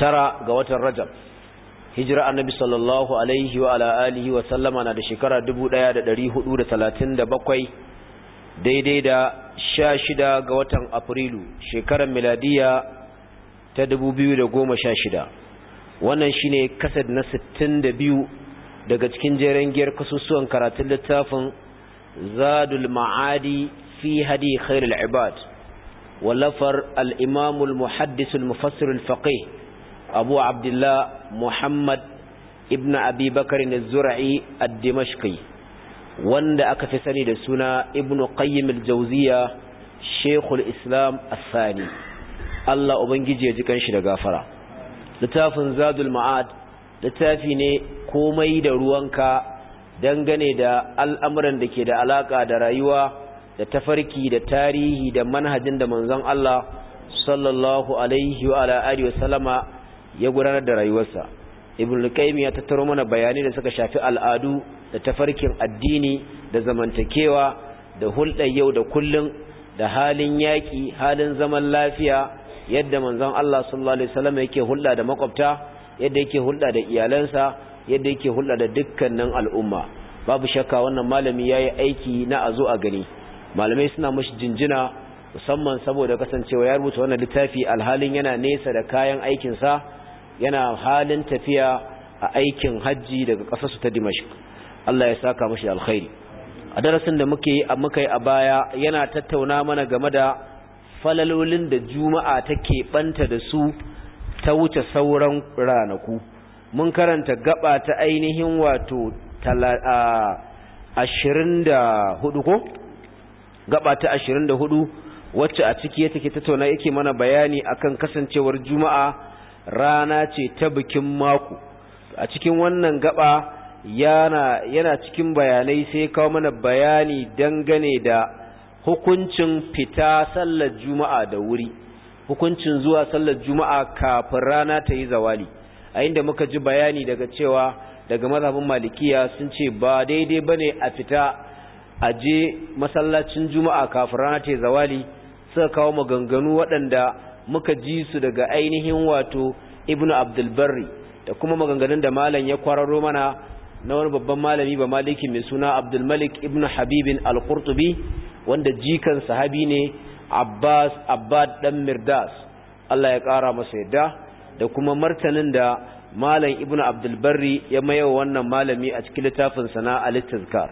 tara ga watan rajab hijira annabi sallallahu alaihi wa ala alihi wa sallama na da shekara 1437 daidai da 16 ga watan afrilu shekarar miladiya ta 2016 wannan shine kasad na 62 daga cikin jeren giyar kasusuwan karatun littafin zadul ma'adi fi hadi khairul ibad wallafar al-imamul muhaddisul mufassirul faqih abu abdullah muhammad ibn abi bakar zura'i a dimashqi wanda aka fi sani da suna ibn qayyim al-jawziya shaykhul islam asani sani Allah ubangiji ya ji kanshi da gafara littafin zadul ma'ad littafi ne komai da ruwanka dangane da al'amuran da ke da alaka da rayuwa da tafarki da tarihi da manhajin da manzon Allah sallallahu alaihi wa alihi wa ya gudanar da rayuwarsa ibn qayyim ya tattaro mana bayanai da suka shafi al'adu da tafarkin addini da zamantakewa da hulɗar yau da kullum da halin yaƙi halin zaman lafiya yadda manzon Allah sallallahu alaihi wasallam yake hulɗa da makwabta yadda yake hulɗa da iyalansa yadda yake hulɗa da dukkanin al'umma babu shakka wannan malami yayi aiki na zo a gani malamai suna mashi jinjina musamman saboda kasancewa ya rubuta wannan littafi alhalin yana nesa da kayan aikinsa yana halin tafiya a aikin hajji daga ƙasarsu ta dimashq Allah ya saka mashi alkhairi a darasin da muke yi muka yi a baya yana tattauna mana game da falalolin da juma'a take banta da su ta wuce sauran ranaku mun karanta gaba ta ainihin wato ashirin da hudu ko gaba ta ashirin da hudu wacce a ciki ya take tattauna yake mana bayani akan kasancewar juma'a rana ce ta bikin mako a cikin wannan gaba yana yana cikin bayanai sai kawo mana bayani dangane da hukuncin fita sallar juma'a da wuri hukuncin zuwa sallar juma'a kafin rana ta yi zawali a inda muka ji bayani daga cewa daga mazhabin malikiya sun ce ba daidai bane a fita a je masallacin juma'a kafin rana ta yi zawali suka kawo maganganu waɗanda muka ji su daga ainihin wato ibnu abdulbarri da kuma maganganun da malam ya kwararo mana na wani babban malami ba maliki mai suna abdulmalik ibnu habibin al-qurtubi wanda jikan sahabi ne abbas abbad dan mirdas allah ya kara masa yadda da kuma martanin da malam ibnu abdulbarri ya mayawa wannan malami a cikin littafin sana al-tizkar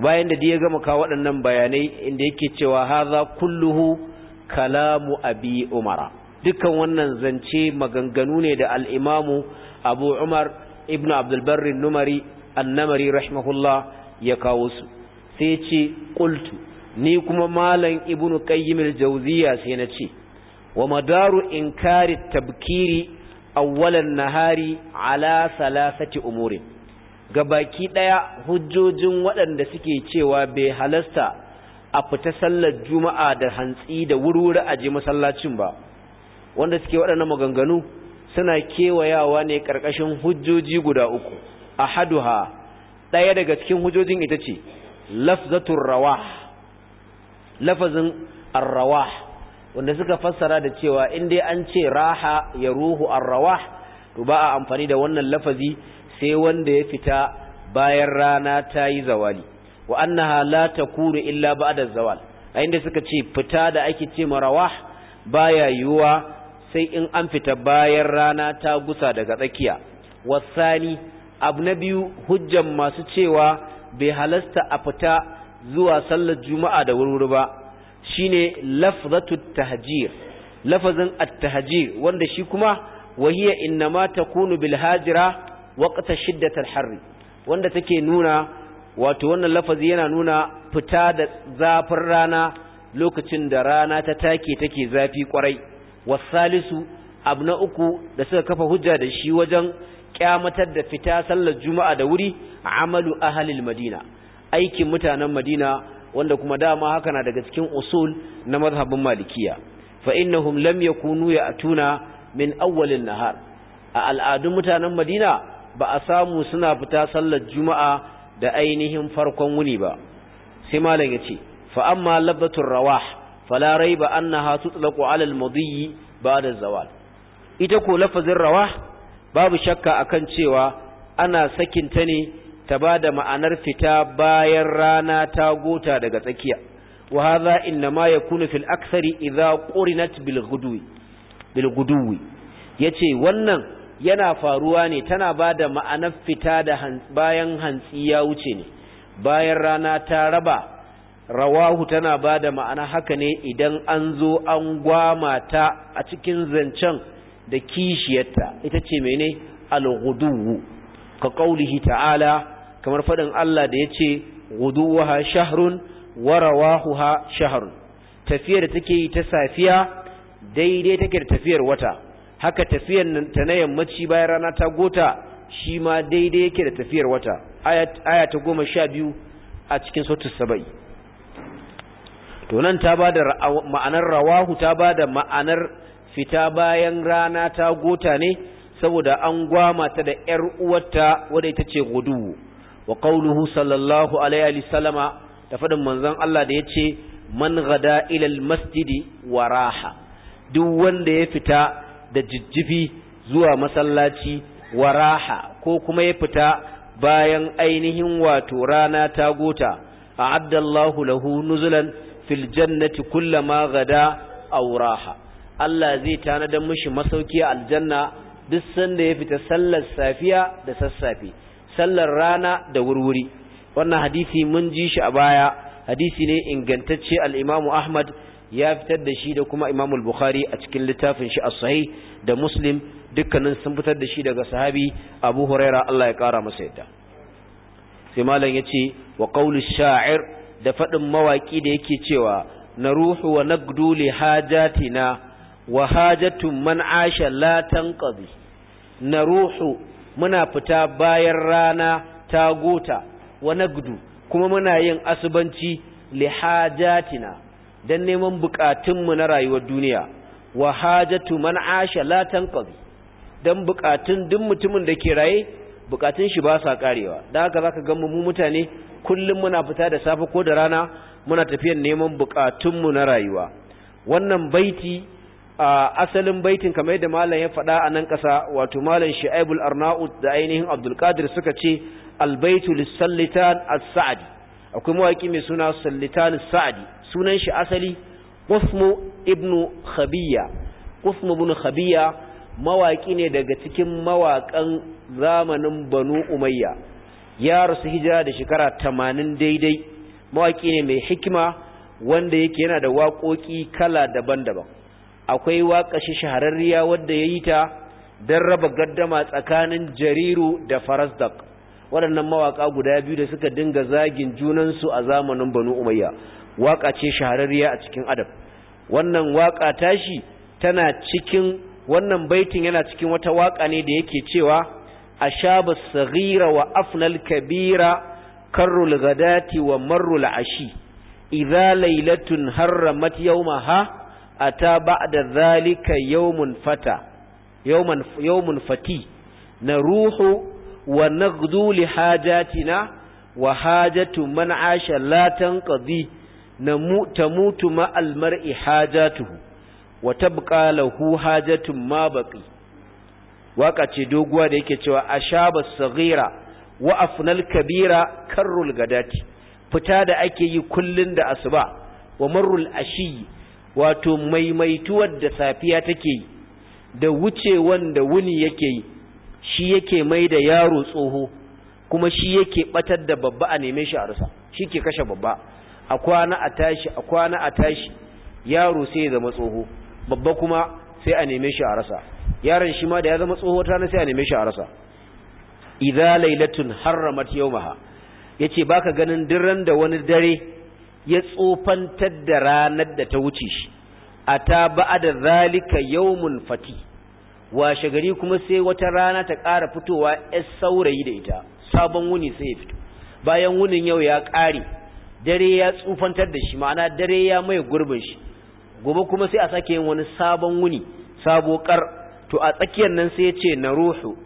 bayan da ya gama kawo waɗannan bayanai inda yake cewa haza kulluhu kalamu abi umara dukkan wannan zance maganganu ne da al'imamu abu umar ibn abdulbarrin numari annamari rahimahullah ya kawo su sai ce ƙultu ni kuma malan ibn ƙayyimil jauziya sai na ce wa madaru inkari tabkiri awwalan nahari ala salasati umurin gabaki daya hujjojin waɗanda suke cewa bai halasta a fita sallar juma'a da hantsi da wurwuri a je masallacin ba wanda suke waɗannan maganganu suna kewayawa ne ƙarƙashin hujjoji guda uku ahaduha ɗaya daga cikin hujjojin ita ce lafzatur rawah lafazin arrawa, wanda suka fassara da cewa in dai an ce raha ya ruhu arrawa. to ba a amfani da wannan lafazi sai wanda ya fita bayan rana ta yi zawali wa annaha la takunu illa ba'da zawal a inda suka ce fita da ake ce rawah baya yiwuwa sai in an fita bayan rana ta gusa daga tsakiya wasani abu na biyu hujjan masu cewa bai halasta a fita zuwa sallar juma'a da wuri-wuri ba shine lafzatu tahjir lafazin at-tahjir wanda shi kuma wahiya innama takunu bil hajira waqta shiddatil harri wanda take nuna wato wannan lafazi yana nuna fita da zafin rana lokacin da rana ta take take zafi kwarai wasalisu abu na uku da suka kafa hujja da shi wajen kyamatar da fita sallar juma'a da wuri amalu ahalil madina aikin mutanen madina wanda kuma dama haka na daga cikin usul na mazhabin malikiya fa innahum lam yakunu ya'tuna min awwalin nahar a al'adun mutanen madina ba a samu suna fita sallar juma'a da ainihin farkon wuni ba sai malam yace fa amma labbatur rawah fala raiba annaha tutlaqu ala al-madhi ba'da zawal ita ko lafazin rawah babu shakka akan cewa ana sakin ta ne ta bada ma'anar fita bayan rana ta gota daga tsakiya wa hadha inma yakunu fil akthari idha qurinat bil ghudwi bil ghudwi yace wannan yana faruwa ne tana ba da ma'anar fita da bayan hantsi ya wuce ne bayan rana ta raba rawahu tana ba da ma'ana haka ne idan an zo an gwama ta a cikin zancen da kishiyarta ita ce mai ne, alhuduwu ka ƙaulihi ta'ala kamar faɗin Allah da ya ce, yace ha shahrun wa rawahu ha shahrun tafiyar da take yi ta safiya daidai take da tafiyar wata haka tafiyar ta na yammaci bayan rana ta gota shi ma daidai yake da tafiyar wata aya ta goma sha biyu a cikin sautus saba'i to nan ta ba da ma'anar rawahu ta ba da ma'anar fita bayan rana ta gota ne saboda an gwama ta da ‘yar uwarta wadda ita ce gudu wa ƙauluhu sallallahu alaihi salama da faɗin manzon Allah da ya ce man gada ilal masjidi wa raha duk wanda ya fita da jijjifi zuwa masallaci wa raha ko kuma ya fita bayan ainihin wato rana ta gota a addallahu lahu nuzulan fil jannati kullama gada aw raha Allah zai tanadar mishi masauki a aljanna duk sanda ya fita sallar safiya da sassafe sallar rana da wurwuri wannan hadisi mun ji shi a baya hadisi ne ingantacce al-Imam Ahmad ya fitar da shi da kuma Imam al-Bukhari a cikin littafin shi as-Sahih da Muslim dukkanin sun fitar da shi daga sahabi Abu Huraira Allah ya kara masa yadda sai malam yace wa qawlu shair da fadin mawaki da yake cewa ruhu wa nagdu li hajatina wa hajatun man asha la tanqadi ruhu muna fita bayan rana ta gota wa nagdu kuma muna yin asubanci li hajatina dan neman bukatunmu na rayuwar duniya wa hajatu man asha la tanqadi dan bukatun duk mutumin da ke raye bukatun shi ba sa karewa dan haka zaka ga mu mutane kullum muna fita da safe ko da rana muna tafiyan neman bukatunmu na rayuwa wannan baiti a asalin baitin kamar yadda malam ya faɗa a nan ƙasa wato malam shi'aibul arnaut da ainihin abdulkadir suka ce albaitu lissallitan as-sa'di akwai mawaki mai suna sallitan as-sa'di sunan shi asali qusmu ibnu khabiya qusmu ibnu khabiya mawaki ne daga cikin mawakan zamanin banu umayya ya rasu hijira da shekara 80 daidai mawaki ne mai hikima wanda yake yana da waƙoƙi kala daban-daban akwai waƙa shahararriya wadda ya yi ta don raba gaddama tsakanin jariru da farasdak waɗannan mawaƙa guda biyu da suka dinga zagin junansu a zamanin banu umayya waka ce shahararriya a cikin adab wannan waka tashi tana cikin wannan baitin yana cikin wata waka ne da yake cewa ashaba saghira wa afnal kabira karrul gadati wa marrul ashi idza lailatun harramat yawmaha ata ba'da dhalika yawmun fata yawman yawmun fati naruhu wa naghdu li hajatina wa hajatu man asha la tanqadhi mutu ma'al mar'i hajatuhu wa tabqa lahu hajatun ma baƙi Waƙa ce doguwa da yake cewa ashaba saghira wa afnal kabira karrul gadati fita da ake yi kullum da asuba wa marrul ashi wato maimaituwar da safiya take yi da wucewan da wuni yake yi shi yake mai da yaro tsoho kuma shi yake batar da babba a neman shi a rasa shi ke kashe babba a kwana a tashi a kwana a tashi yaro sai ya zama tsoho babba kuma sai a neme shi a rasa yaron shi ma da ya zama tsoho ta sai a neme shi a rasa idza lailatun harramat yawmaha yace baka ganin diran da wani dare ya tsofantar da ranar da ta wuce shi ata ba'da zalika yawmun fati washe gari kuma sai wata rana ta ƙara fitowa 'yar saurayi da ita sabon wuni sai ya fito bayan wunin yau ya ƙare dare ya tsufantar da shi ma'ana dare ya mai gurbin shi gobe kuma sai a sake yin wani sabon wuni sabo kar to a tsakiyar nan sai ya ce na ruhu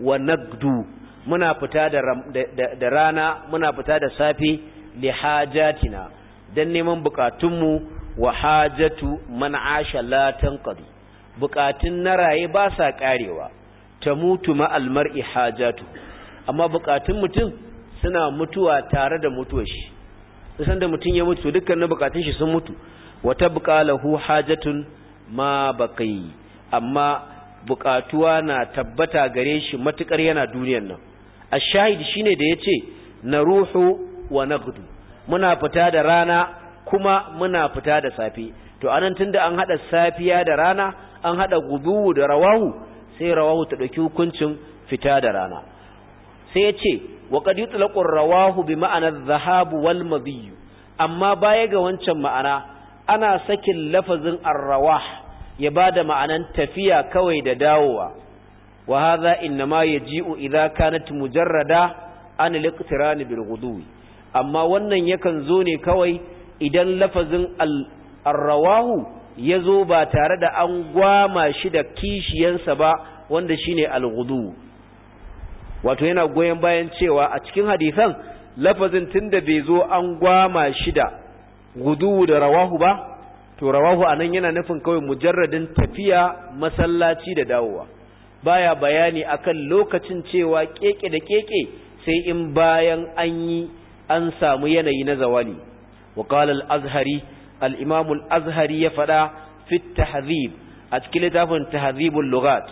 wa nagdu muna fita da rana muna fita da safe li hajatina dan neman bukatunmu wa hajatu man asha la tanqadi bukatun na raye ba sa karewa mutu ma almar'i hajatu amma bukatun mutum suna mutuwa tare da mutuwar shi isan da mutum ya mutu dukkan na bukatun shi sun mutu wata buƙalahu hajatun ma baqi amma bukatuwa na tabbata gare shi matukar yana duniyar nan a shahid shine da yace ce na ruhu wa na muna fita da rana kuma muna fita da safe to anan tunda an haɗa safiya da rana an haɗa gubu da rawahu sai rawahu ta ɗauki hukuncin fita da rana sai yace wa qad yutlaqu rawahu bi ma'ana zahabu dhahab wal amma baya ga wancan ma'ana ana sakin lafazin ar-rawah ya bada ma'anan tafiya kawai da dawowa wa hadha inma yaji'u idha kanat mujarrada an al bil ghudwi amma wannan yakan zo ne kawai idan lafazin al rawahu yazo ba tare da an gwama shi da kishiyansa ba wanda shine al-ghudu wato yana goyon bayan cewa a cikin hadisan lafazin tunda bai zo an gwama shida gudu da rawahu ba to rawahu anan yana nufin kawai mujarradin tafiya masallaci da dawowa baya bayani akan lokacin cewa keke da keke sai in bayan an yi an samu yanayi na zawali wa qala al-azhari al-imam al-azhari ya fada fi a cikin littafin tahdhibul lughat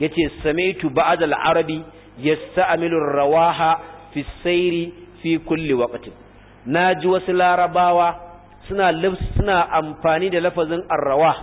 yace sami'tu ba'd al-arabi yasta'milu rawaha fi sayri fi kulli waqtin naji wasu larabawa suna suna amfani da lafazin arrawa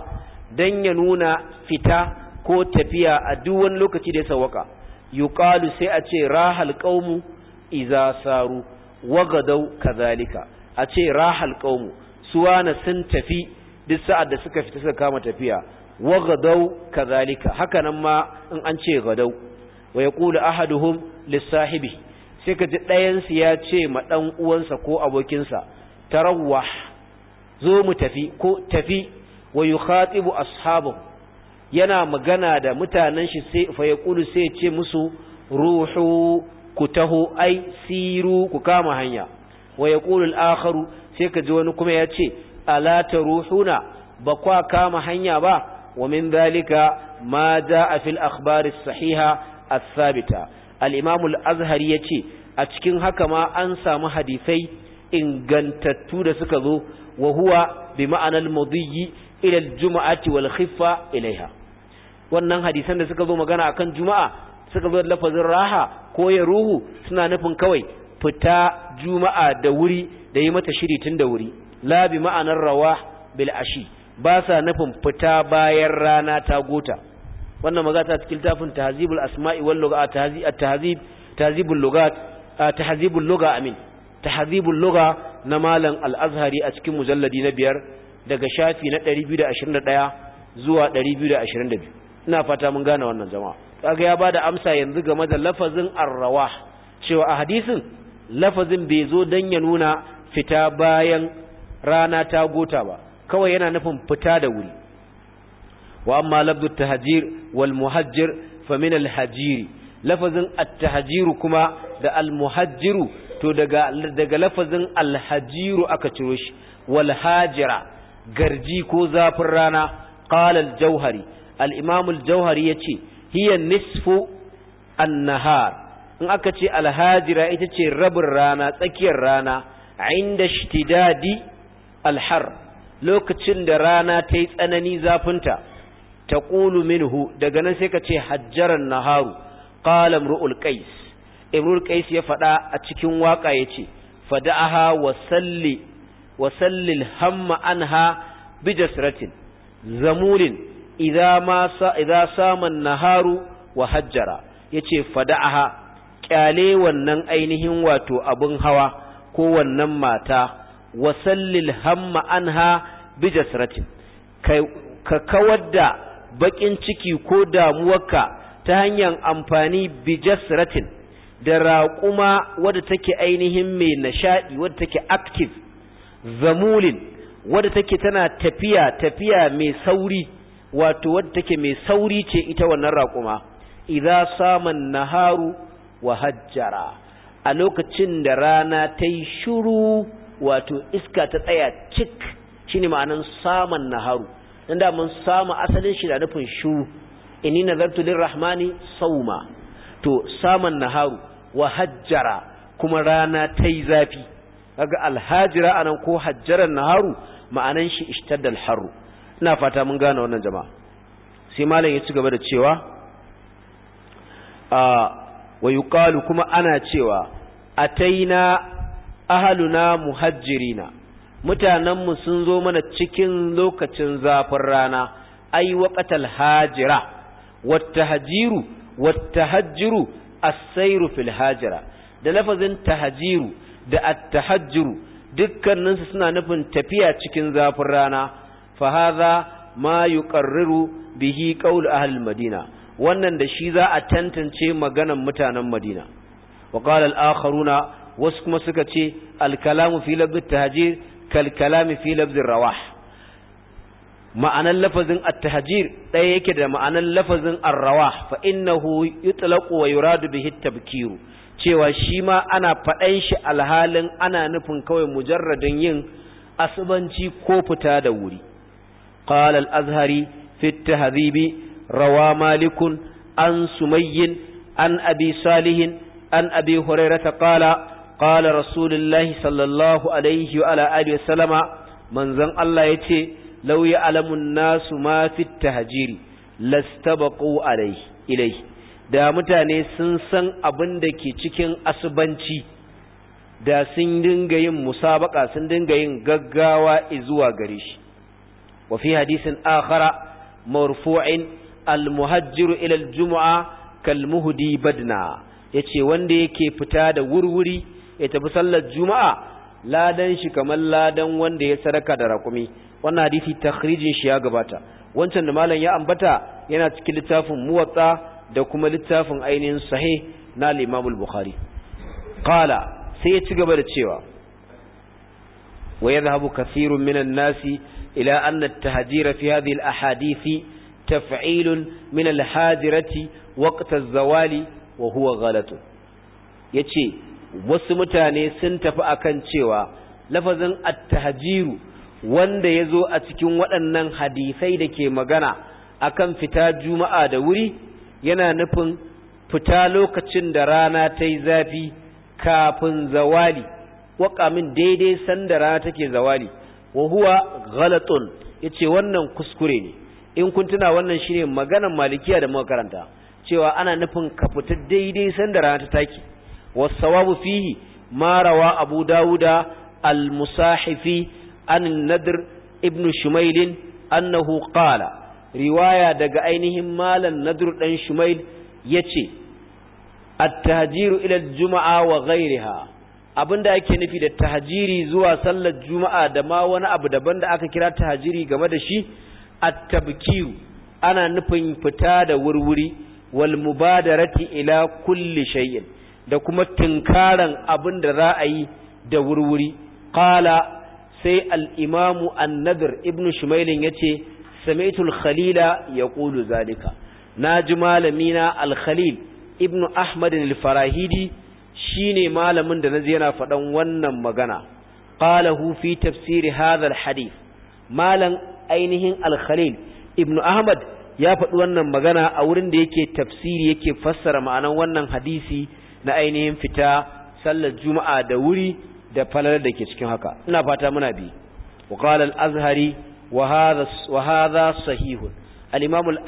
dan ya nuna fita ko tafiya a duk wani lokaci da ya sawaka yuqalu sai a ce rahal qaumu iza saru wagadau kazalika a ce rahal qaumu suwana sun tafi duk sa'ad da suka fita suka kama tafiya wagadau kazalika hakanan ma in an ce gadau wa kula ahaduhum lisahibi sai ka ji ɗayan su ya ce ma ɗan uwansa ko abokinsa tarawwa zo mu tafi ko tafi wa yukhatibu ashabu yana magana da mutanen shi sai fa yaqulu sai ya ce musu ruhu ku taho ai siru ku kama hanya wa yaqulu al-akharu sai ka ji wani kuma ya ce alata ruhuna ba kwa kama hanya ba wa min dalika ma za a fil akhbari sahiha as-sabita al-imam al-azhari yace a cikin haka ma an samu hadisai ingantattu da suka zo wa huwa bi ma'anar mudhi ila al-jum'ati wal khiffa ilaiha wannan hadisan da suka zo magana akan juma'a suka zo da lafazin raha ko ya ruhu suna nufin kawai fita juma'a da wuri da yi mata shiri tun da wuri la bi ma'anar rawah bil ashi ba sa nufin fita bayan rana ta gota wannan magata ta cikin tafin tahzibul asma'i wal lugha tahzib tahzibul lughat tahzibul lugha amin tahzibul lugha na malam al-azhari a cikin mujalladi na biyar daga shafi na 221 zuwa 222 ina fata mun gane wannan jama'a kaga ya bada amsa yanzu game da lafazin ar-rawah cewa a hadisin lafazin bai zo dan ya nuna fita bayan rana ta gota ba kawai yana nufin fita da wuri wa amma labdu tahjir wal fa min al hajiri lafazin at tahjiru kuma da al to daga daga lafazin al aka ciro shi wal garji ko zafin rana qala jauhari al imam al jauhari yace hiya nisfu an nahar in aka ce alhajira ita ce rabin rana tsakiyar rana inda ishtidadi alhar lokacin da rana ta yi tsanani zafinta taqulu minhu daga nan sai ka ce hajjaran naharu qala imru'ul qais imru'ul qais ya faɗa a cikin waka yace fada'aha wa salli wa sallil hamma anha bijasratin zamulin idza ma idza sama naharu wa hajjara yace fada'aha kyale wannan ainihin wato abun hawa ko wannan mata wa sallil hamma anha bijasratin ka kawar da Bakin ciki ko damuwarka ta hanyar amfani bijasratin da raƙuma wadda take ainihin mai nishaɗi wadda take active zamulin wadda take tana tafiya tafiya mai sauri wato wadda take mai sauri ce ita wannan raƙuma idza saman naharu wa hajjara a lokacin da rana ta yi shuru wato iska ta tsaya cik shine ma'anan saman naharu dan da mun samu asalin shi da nufin shu inni nazartu lirrahmani sauma to saman naharu wa hajjara kuma rana ta yi zafi kaga alhajira anan ko hajjaran naharu ma'anan shi ishtadda alharu ina fata mun gane wannan jama'a sai malam ya ci gaba da cewa a wa yuqalu kuma ana cewa ataina ahluna muhajjirina mutanenmu sun zo mana cikin lokacin zafin rana ai waqatal hajira wattahajiru wattahajjiru as-sayru fil hajira da lafazin tahajiru da at-tahajjuru dukkaninsu suna nufin tafiya cikin zafin rana fa hadha ma yuqarriru bihi qaul ahli madina wannan da shi za a tantance maganan mutanen madina wa qala al-akharuna wasu kuma suka ce al-kalamu fi labd tahjir kal kalami fi lafzin rawah ma'anan lafazin at-tahjir ɗaya yake da ma'anan lafazin ar-rawah fa innahu yutlaqu wa yuradu bihi at cewa shi ma ana faɗan shi alhalin ana nufin kawai mujarradin yin asubanci ko fita da wuri qala al-azhari fi at-tahdhibi rawa malikun an sumayyin an abi salihin an abi hurairata qala رسول الله sallallahu alaihi wa وعلى alihi وسلم من manzon Allah yace لو يعلم الناس ma في التهجير لاستبقوا عليه ilaihi da mutane sun san abin da ke cikin asubanci da sun dinga yin musabaka sun dinga yin gaggawa zuwa gare shi wa fi hadisin akhara marfu'in almuhajjiru ila Juma'a, kalmuhdi badna yace wanda yake fita da wurwuri ya tafi sallar juma'a ladan shi kamar ladan wanda ya saraka da raƙumi wannan hadisi takhrijin shi ya gabata wancan da malam ya ambata yana cikin littafin muwatsa da kuma littafin ainihin sahi na al-Imam al-Bukhari qala sai ya ci gaba da cewa wa yadhhabu kathirun minan nasi ila anna at-tahjira fi hadhihi al-ahadith taf'il min al-hadirati waqt az-zawali wa huwa ghalat yace wasu mutane sun tafi akan cewa lafazin attahajiru wanda ya zo a cikin waɗannan hadisai da ke magana akan fita juma'a da wuri yana nufin fita lokacin da rana ta yi zafi kafin zawali waƙamin daidai sanda rana take zawali wa huwa ya ce wannan kuskure ne in kun tuna wannan ne maganan malikiya da makaranta. cewa ana nufin ka fita daidai sanda rana ta take والصواب فيه ما روى أبو داود المصاحفي عن النذر ابن شميل أنه قال رواية دقائنهم مال النذر ابن شميل يتي التهجير إلى الجمعة وغيرها abin da ake nufi da tahajiri zuwa sallar juma'a da ma wani abu daban da aka kira tahajiri game da shi a tabkiru ana nufin fita da wurwuri wal mubadarati ila kulli shay'in da kuma tunkaran abin da za a yi da wurwuri qala sai Al'imamu imamu an-nadr ibn shumailin yace sami'tu al-khalila yaqulu zalika ji malamina al-khalil ibn ahmad al-farahidi shine malamin da naji yana faɗan wannan magana qalahu fi tafsiri hadha al Malam ainihin al-khalil ibn ahmad ya faɗi wannan magana a wurin da yake tafsiri yake fassara ma'anan wannan hadisi na ainihin fita sallar juma'a da wuri da falalar da ke cikin haka ina fata muna bi wa al-azhari wa hadha wa sahihun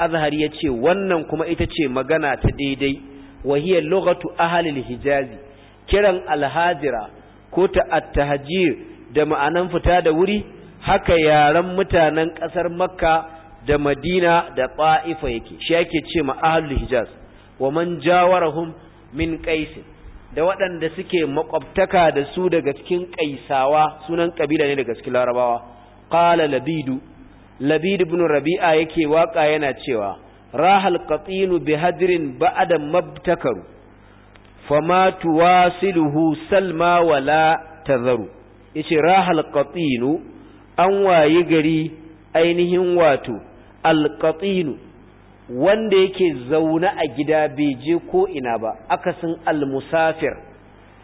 azhari yace wannan kuma ita ce magana ta daidai wa hiya lughatu hijazi kiran alhajira ko ta at-tahjir da ma'anan fita da wuri haka yaran mutanen kasar makka da madina da ta'ifa yake shi yake ce ma ahlul hijaz wa man jawarahum min qaisin da waɗanda suke makwabtaka da su daga cikin qaisawa sunan kabila ne daga cikin larabawa qala labidu Labidu ibn rabi'a yake waka yana cewa rahal qatinu bi hadrin ba'da mabtakaru fama tuwasiluhu salma wala tazaru yace rahal qatinu an wayi gari ainihin wato alqatinu wanda yake zauna a gida bai je ko ina ba akasin almusafir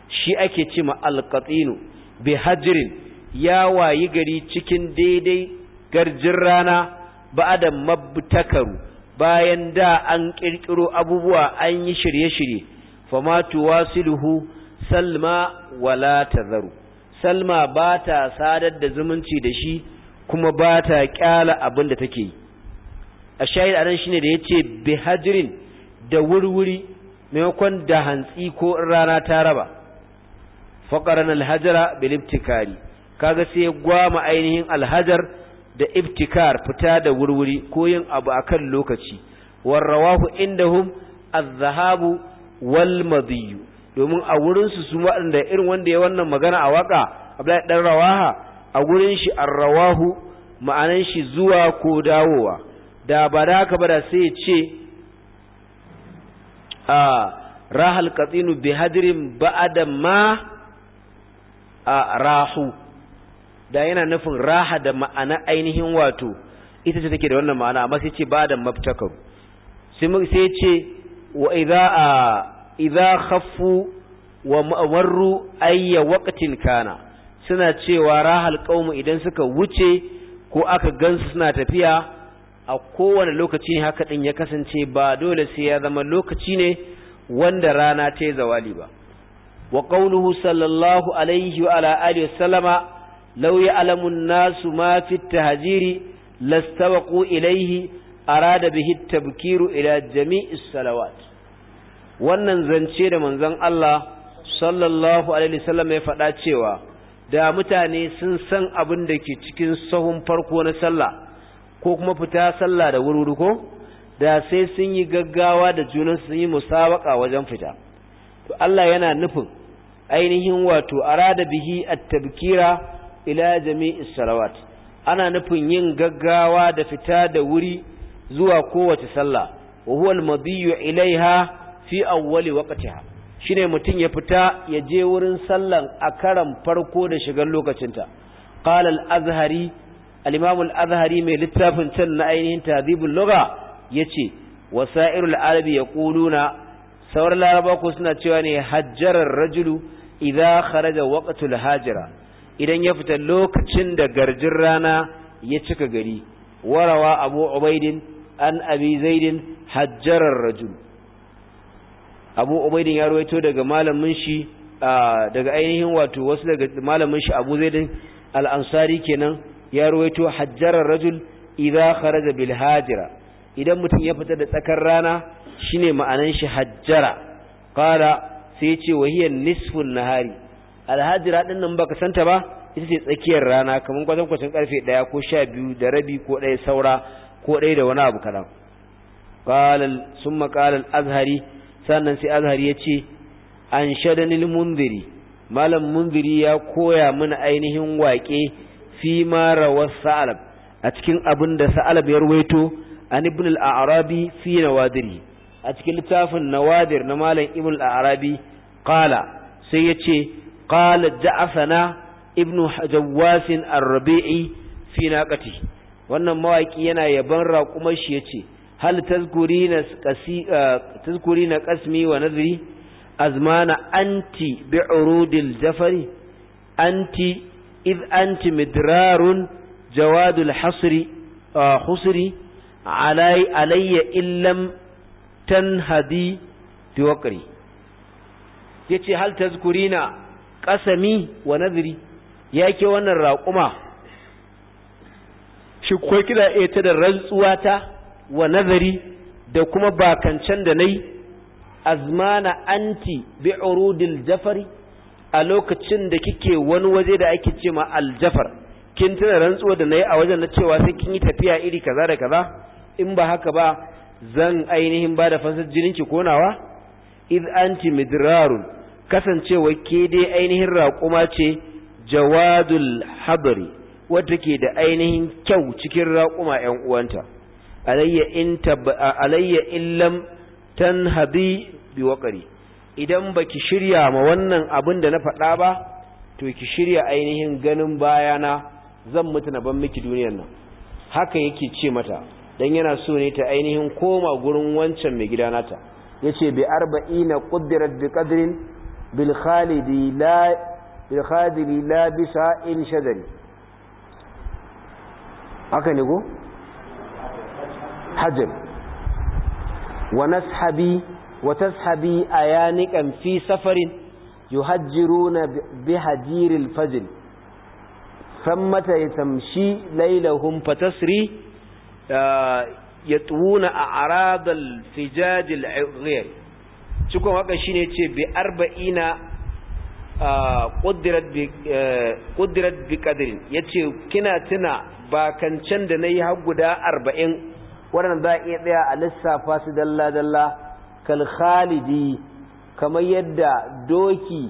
shi ake ce ma alqatinu bi hajrin ya wayi gari cikin daidai garjin rana ba da mabtakaru bayan da an kirkiro abubuwa an yi shirye-shirye fama wasiluhu salma wala tazaru salma ba ta sadar da zumunci da shi kuma ba ta kyala abin da take yi a shahid anan shine da yace bihadrin da wurwuri maimakon da hantsi ko rana ta raba faqaran alhajara bil ibtikari kaga sai gwama ainihin alhajar da ibtikar fita da wurwuri ko yin abu akan lokaci warrawahu indahum azhabu wal madiyu domin a wurin su su waɗanda irin wanda ya wannan magana a waka Abdullahi dan rawaha a gurin shi arrawahu ma'anan shi zuwa ko dawowa da ba da haka ba da sai ce a rahal katsinu bi hadirin ba'ada ma a rahu da yana nufin raha da ma'ana ainihin wato ita ce take da wannan ma'ana amma sai ce ba'ada mabtakar sai ce wa idza a idza khaffu wa marru ayya waqtin kana suna cewa rahal qaumu idan suka wuce ko aka gansu suna tafiya a kowane lokaci ne haka ɗin ya kasance ba dole sai ya zama lokaci ne wanda rana ta zawali ba wa qawluhu sallallahu alaihi wa ala alihi wasallama law ya'lamu nasu ma fi at-tahjiri lastawqu ilaihi arada bihi tabkiru ila jami'is salawat wannan zance da manzon Allah sallallahu alaihi wasallam ya faɗa cewa da mutane sun san abin da ke cikin sahun farko na sallah ko kuma fita sallah da wuri ko da sai sun yi gaggawa da junan sun yi musabaka wajen fita to Allah yana nufin ainihin wato arada bihi at-tabkira ila jami'is salawat ana nufin yin gaggawa da fita da wuri zuwa kowace sallah wa huwa al-madiyyu ilaiha fi awwali waqtiha shine mutun ya fita ya je wurin sallan a karan farko da shigar lokacinta qala al-azhari al-imam al-azhari mai littafin can na ainihin tadhibul lugha yace wasairul arabi yaquluna sauran laraba ko suna cewa ne hajjarar rajulu idza kharaja waqtul hajira idan ya fita lokacin da garjin rana ya cika gari warawa abu ubaidin an abi zaidin hajjarar rajulu abu ubaidin ya rawaito daga malamin shi daga ainihin wato wasu daga malamin shi abu zaidin al-ansari kenan ya ruwaito hajjarar rajul idza kharaja bil hajira idan mutum ya fita da tsakar rana shine ma'anan shi hajjara qala sai ya ce wa hiya nisfun nahari al hajira din nan baka santa ba ita ce tsakiyar rana kaman gwazon kwacin karfe 1 ko 12 da rabi ko 1 saura ko 1 da wani abu kadan qala summa qala al azhari sannan sai azhari ya ce an shadanil mundiri malam mundiri ya koya mana ainihin waƙe fi mara wasu sa'alab a cikin abin da sa'alab ya ruwaito an ibn al-arabi fi nawadiri a cikin littafin nawadir na malam ibn al-arabi qala sai yace qala ja'afana ibn jawwas ar-rabi'i fi naqati wannan mawaki yana yaban raƙumar shi yace hal tazkurina qasi ah, tazkurina qasmi wa nadri azmana anti bi'urudil jafari anti إذ أنت مدرار جواد الحصر alayya خسري علي, علي إن لم تنهدي توقري yace hal tazkurina qasami wa nadhri yake wannan raƙuma shi ko kida eh ta da rantsuwata wa nazari da kuma bakancan da nayi azmana anti bi urudil jafari a lokacin da kike wani waje da ake ce ma aljafar kin tuna rantsuwa da nayi a wajen na cewa sai kin yi tafiya iri kaza da kaza in ba haka ba zan ainihin ba da fasar jinin ki konawa id anti midrarun kasancewa ke dai ainihin raƙuma ce jawadul habri wadda ke da ainihin kyau cikin raƙuma ƴan uwanta alayya in tab alayya illam tanhabi biwaqari idan baki shirya ma wannan abin da na faɗa ba to ki shirya ainihin ganin bayana zan mutu na ban miki duniyar nan haka yake ce mata dan yana so ne ta ainihin koma gurin wancan mai gida nata yace bi arba'ina quddirat bi qadrin bil khalidi la bil khadiri la shadari haka ne go hajar wa nashabi وتسحبي أيانكا في سفر يهجرون بهجير الفجر ثمة يتمشي ليلهم فتسري يطوون أعراض الفجاج الغير شكرا وقع شيني بأربعين ƙudirat bi ƙadirin ya ce kina tuna can da na yi har guda arba'in waɗanda za a iya tsaya a lissafa su dalla-dalla kal khalidi kamar yadda doki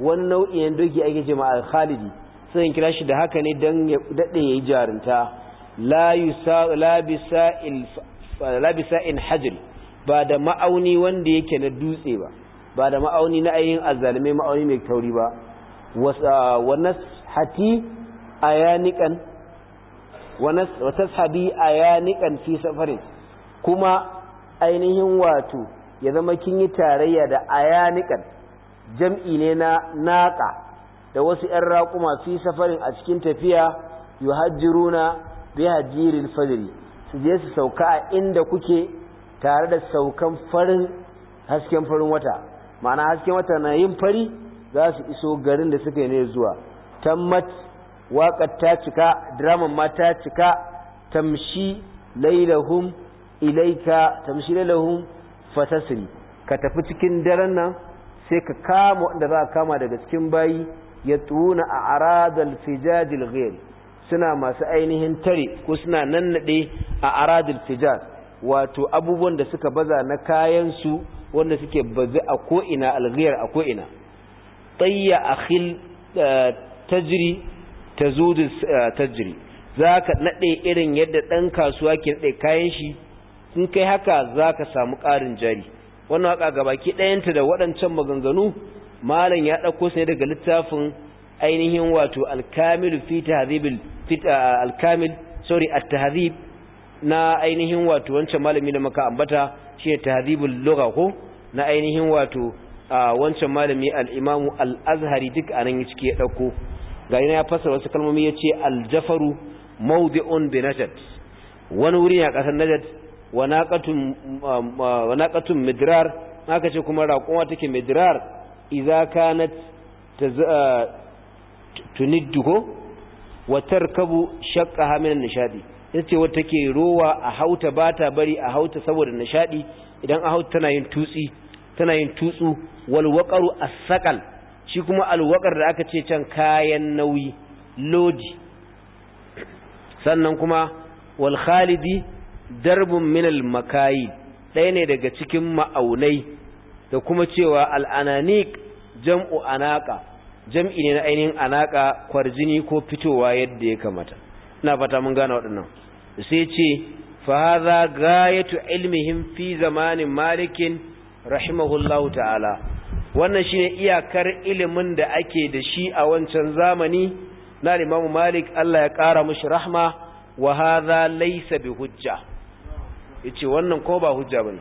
wani nau'in doki ake ce ma khalidi sai kira shi da haka ne dan ya yi yayi jarinta labisa in la ba da ma'auni wanda yake na dutse ba ba da ma'auni na ayin azalimai ma'auni mai tauri ba wata sabi a yanikan fi safarin kuma ainihin wato ya zama kin yi tarayya da ayanikan jam'i ne na naƙa da wasu ‘yan raƙuma su yi safarin a cikin tafiya yu hajjiruna bi hajjirin fajiri su je su sauka a inda kuke tare da saukan farin hasken farin wata ma'ana hasken wata na yin fari za su iso garin da suka yi ne zuwa tammat waƙar ta cika draman ma ta cika tamshi lailahum ilaika tamshi lailahum fatasri ka tafi cikin daren nan sai ka kama wanda za a kama daga cikin bayi ya tuna a aradal fijajil ghair suna masu ainihin tare ko suna nannade a aradal fijaj wato abubuwan da suka baza na kayan su wanda suke bazu a ko ina alghiyar a ko ina tsayya akhil eh, tajri tazudu eh, tajri zaka nade irin yadda dan kasuwa ke nade kayan shi in kai haka za ka samu ƙarin jari wannan haka gabaki ɗayanta da waɗancan maganganu malam ya ɗauko sai daga littafin ainihin wato alkamil fi tahzibil alkamil sorry at-tahzib na ainihin wato wancan malami da maka ambata shi tahzibul lugha ko na ainihin wato wancan malami al-imam al-azhari duk anan ya cike ya dauko ga ina ya fassara wasu kalmomi ce al-jafaru mawdi'un bi najat wani wuri ne a kasar najat wa naqatun midrar haka ce kuma raƙuma take midrar idza kanat Watar ah, ko wa tarkabu shaqqa min nishadi yace wata take rowa a hauta bata bari a hauta saboda nishadi idan a hauta tana yin tutsi tana yin tutsu wal waqaru asqal shi kuma al waqar da aka ce can kayan nauyi lodi sannan kuma wal khalidi darbun minal makayi ɗaya ne daga cikin ma'aunai da kuma cewa al'ananik jam'u anaka jam'i ne na ainihin anaka kwarjini ko fitowa yadda ya kamata ina fata mun gane waɗannan sai ce fahaza gayatu ilmihim fi zamanin malikin rahimahullahu ta'ala wannan shi ne iyakar ilimin da ake da shi a wancan zamani na limamu malik Allah ya ƙara mushi rahma wa haza laysa bi hujja yace wannan ko ba hujja ba ne.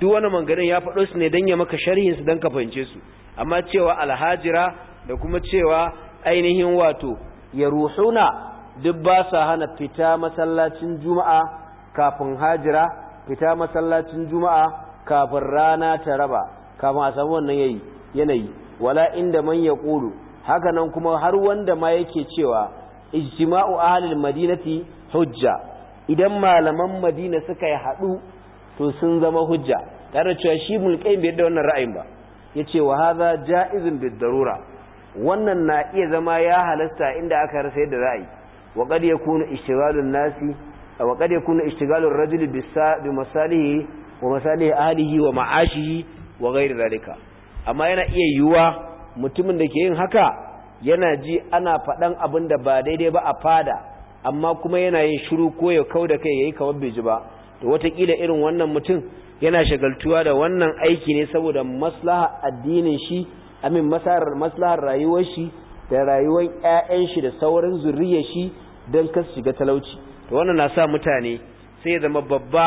duk wani mangarin ya faɗo su ne dan ya maka sharhinsu su dan ka fahimce su amma cewa alhajira da kuma cewa ainihin wato ya ruhuna duk ba sa hana fita masallacin juma'a kafin hajira fita masallacin juma'a kafin rana ta raba kafin a samu wannan yayi yanayi wala inda man ya ƙulu haka nan kuma har wanda ma yake cewa ijtima'u ahalin madinati hujja idan malaman madina suka yi haɗu to sun zama hujja tare cewa shi mulkain bai da wannan ra'ayin ba ya ce wa haza ja'izin bid darura wannan na iya zama ya halasta inda aka rasa yadda ra'ayi wa qad yakunu ishtighalun nasi wa qad yakunu ishtighalur bi masalihi wa masalihi ahlihi wa ma'ashihi wa ghairi zalika amma yana iya yiwuwa mutumin da ke yin haka yana ji ana faɗan abin da ba daidai ba a fada amma kuma yana yin shiru ko ya kau da kai yayi kamar bai ji ba to watakila irin wannan mutum yana shagaltuwa da wannan aiki ne saboda maslaha addinin shi amin maslahar rayuwar shi da rayuwar 'ya'yan shi da sauran zuriyar shi don kasu shiga talauci to wannan na sa mutane sai ya zama babba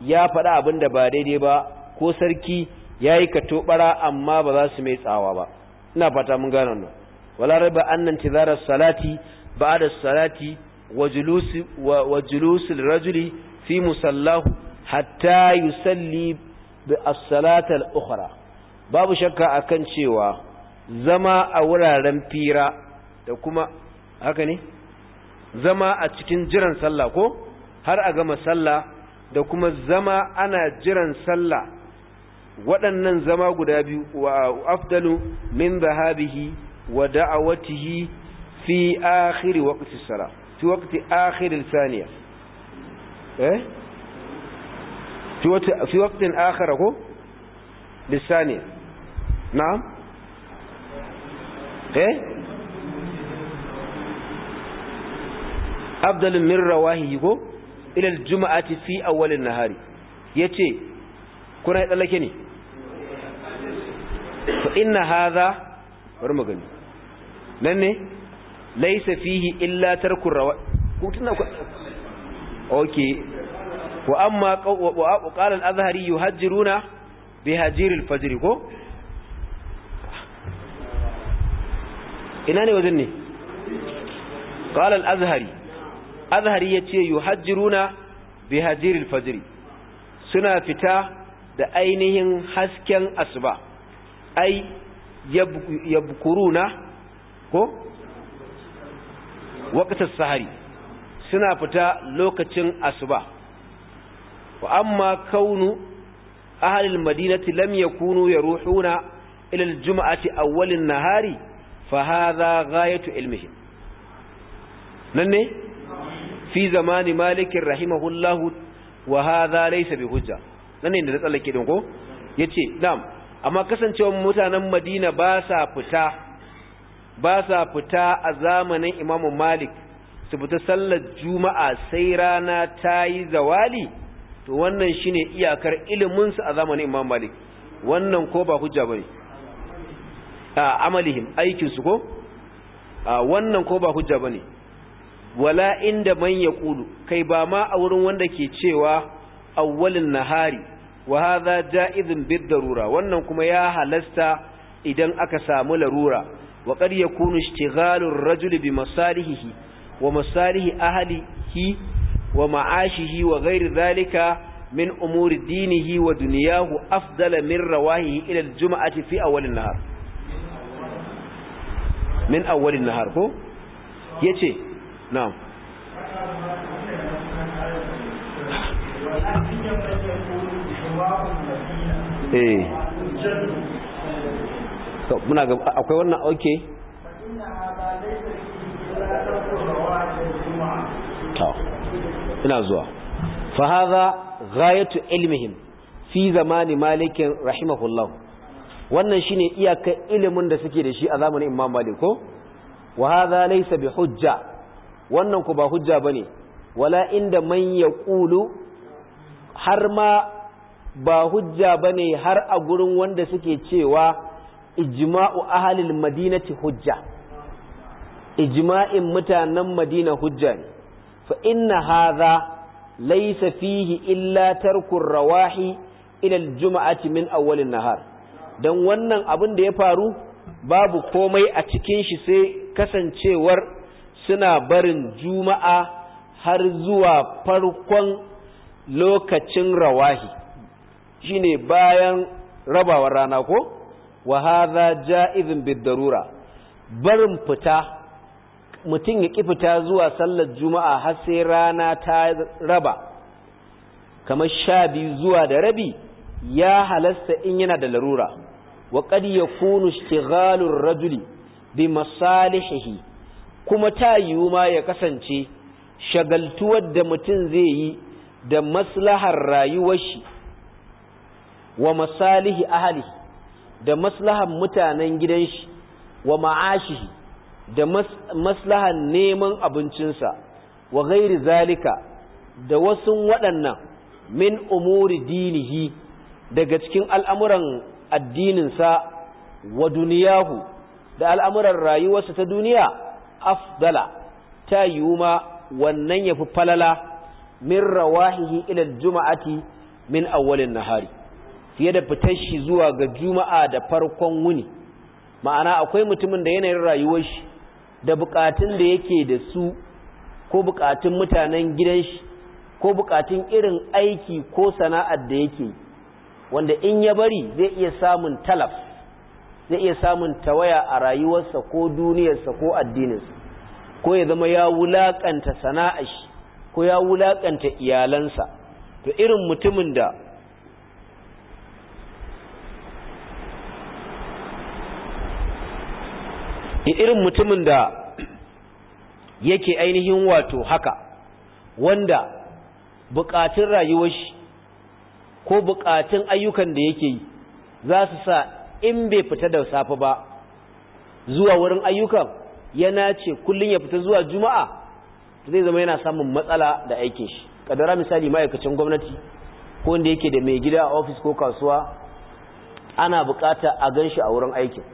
ya faɗa abin da ba daidai ba ko sarki ya yi katobara amma ba za su mai tsawa ba ina fata mun gane wannan wala ba annan tizarar salati ba'da salati wa rajuli fi musallahu hatta yusalli bi as-salatal ukhra babu shakka akan cewa zama a wuraren fira da kuma haka ne zama a cikin jiran salla ko har a gama salla da kuma zama ana jiran salla? waɗannan zama guda biyu wa afdalu min zahabihi wa da'awatihi fi akhiri waqti salah في وقت آخر الثانية إيه؟ في وقت, في وقت آخر هو للثانية نعم إيه؟ أفضل من رواهي هو إلى الجمعة في أول النهار يتي كنا يتقل لكني فإن هذا ورمغني nan ne laisa fihi illa tarkur rawa ku tuna ku okay wa amma qala al-azhari yuhajjiruna bi hajir al-fajr ko ina ne wajen ne qala al-azhari azhari yace yuhajjiruna bi hajir al-fajr suna fita da ainihin hasken asuba ai yabkuruna ko waqtas sahari suna fita lokacin asuba wa amma kaunu ahlul madinati lam yakunu yaruhuna ila aljum'ati awwalin nahari fa hadha ghayatu ilmihim nan ne fi zamani malikin rahimahullah wa hadha laysa bihujja nan ne da tsallake din ko yace na'am amma kasancewar mutanen madina ba sa fita ba sa fita a zamanin imamu malik su fita sallar juma'a sai rana ta yi zawali to wannan shine iyakar iliminsu a zamanin imamu malik wannan ko ba hujja bane a amalihim aikinsu ko wannan ko ba hujja bane wala inda man yaqulu kai ba ma a wurin wanda ke cewa awwalin nahari wa hadha ja'izun bid darura wannan kuma ya halasta idan aka samu larura wa qad yakunu ishtighalu ar-rajul bi masalihihi wa masalihi ahlihi wa ma'ashihi wa gairi dhalika min umuri dinihi wa dunyahu afdala min rawahihi ila al-jum'ati fi awwal nahar min awwal an-nahar ko yace na'am eh muna ga akwai wannan auke to ina zuwa fa hadha ghayatu ilmihim fi zamani malik rahimahullah wannan shine iyaka ilimin da suke da shi a zamanin imam malik ko wa hadha laysa bi hujja wannan ku ba hujja bane wala inda man yaqulu har ma ba hujja bane har a gurin wanda suke cewa ijma'u ahalil madinati hujja ijma'in mutanen madina hujja ne fa inna hadha laysa fihi illa tarkur rawahi ila aljum'ati min awwalin nahar dan wannan abin da ya faru babu komai a cikin shi sai kasancewar suna barin juma'a har zuwa farkon lokacin rawahi shine bayan rabawar rana ko wa hadha ja'izun bid-darura barin fita mutum ya ƙi fita zuwa sallar juma'a har sai rana ta raba kamar sha biyu zuwa da rabi ya halasta in yana da larura wa qad yakunu ishtighalur rajuli bi masalihihi kuma ta yiwu ma ya kasance shagaltuwar da mutum zai yi da maslahar rayuwar shi wa masalihi ahlihi da maslahan mutanen gidan shi wa ma'ashi da maslahan neman abincinsa wa gairi zalika da wasu waɗannan min umuri dinihi daga cikin al'amuran addininsa wa duniyahu da al'amuran rayuwarsa ta duniya afdala ta yuma wannan ya fi falala min rawahihi ilal juma'ati min awwalin nahari fiye da fitar shi zuwa ga juma'a da farkon wuni ma'ana akwai mutumin da yanayin rayuwar shi da bukatun da yake da su ko bukatun mutanen gidan shi ko bukatun irin aiki ko sana'ar da yake wanda in ya bari zai iya samun talaf zai iya samun tawaya a rayuwarsa ko duniyarsa ko addininsa ko ya zama ya wulakanta sana'ar shi ko ya wulakanta iyalansa to irin mutumin da irin mutumin da yake ainihin wato haka wanda bukatun rayuwar shi ko bukatun ayyukan da yake yi za su sa in bai fita da safe ba zuwa wurin ayyukan yana ce kullum ya fita zuwa juma'a zai zama yana samun matsala da aikin shi kadara misali ma'aikacin gwamnati ko wanda yake da mai gida a ofis ko kasuwa ana bukata a gan shi a wurin aikin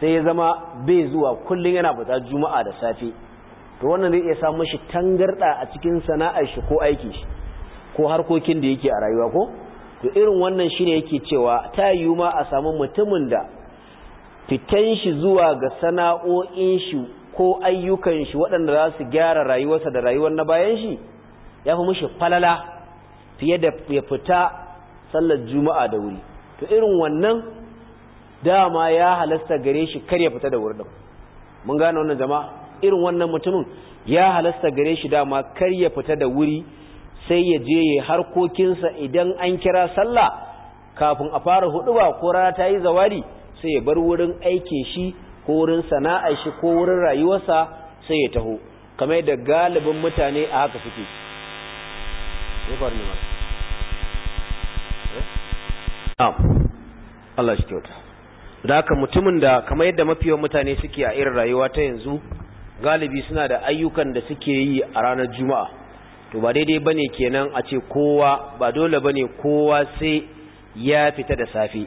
sai ya zama bai zuwa kullum yana fita juma'a da safe to wannan zai iya samu shi tangarda a cikin sana'ar shi ko aiki shi ko harkokin da yake a rayuwa ko to irin wannan shi shine yake cewa ta yi ma a samu mutumin da fitan shi zuwa ga sana'o'in shi ko ayyukan shi waɗanda za su gyara rayuwarsa da rayuwar na bayan shi ya fi mushi falala fiye da ya fita sallar juma'a da wuri to irin wannan dama ya halasta gare shi kar ya fita da wurin mun gane wannan jama'a irin wannan mutumin ya halasta gare shi dama kar ya fita da wuri sai ya je ya harkokinsa idan an kira sallah kafin a fara huduba ko rana ta yi zawari sai ya bar wurin aike shi ko wurin sana'a shi ko wurin rayuwarsa sai ya taho kamar da galibin mutane a haka suke eh? Allah shi kyauta da haka mutumin da kamar yadda mafiyan mutane suke a irin rayuwa ta yanzu galibi suna da ayyukan da suke yi a ranar juma'a to ba daidai bane kenan a ce kowa ba dole bane kowa sai ya fita da safe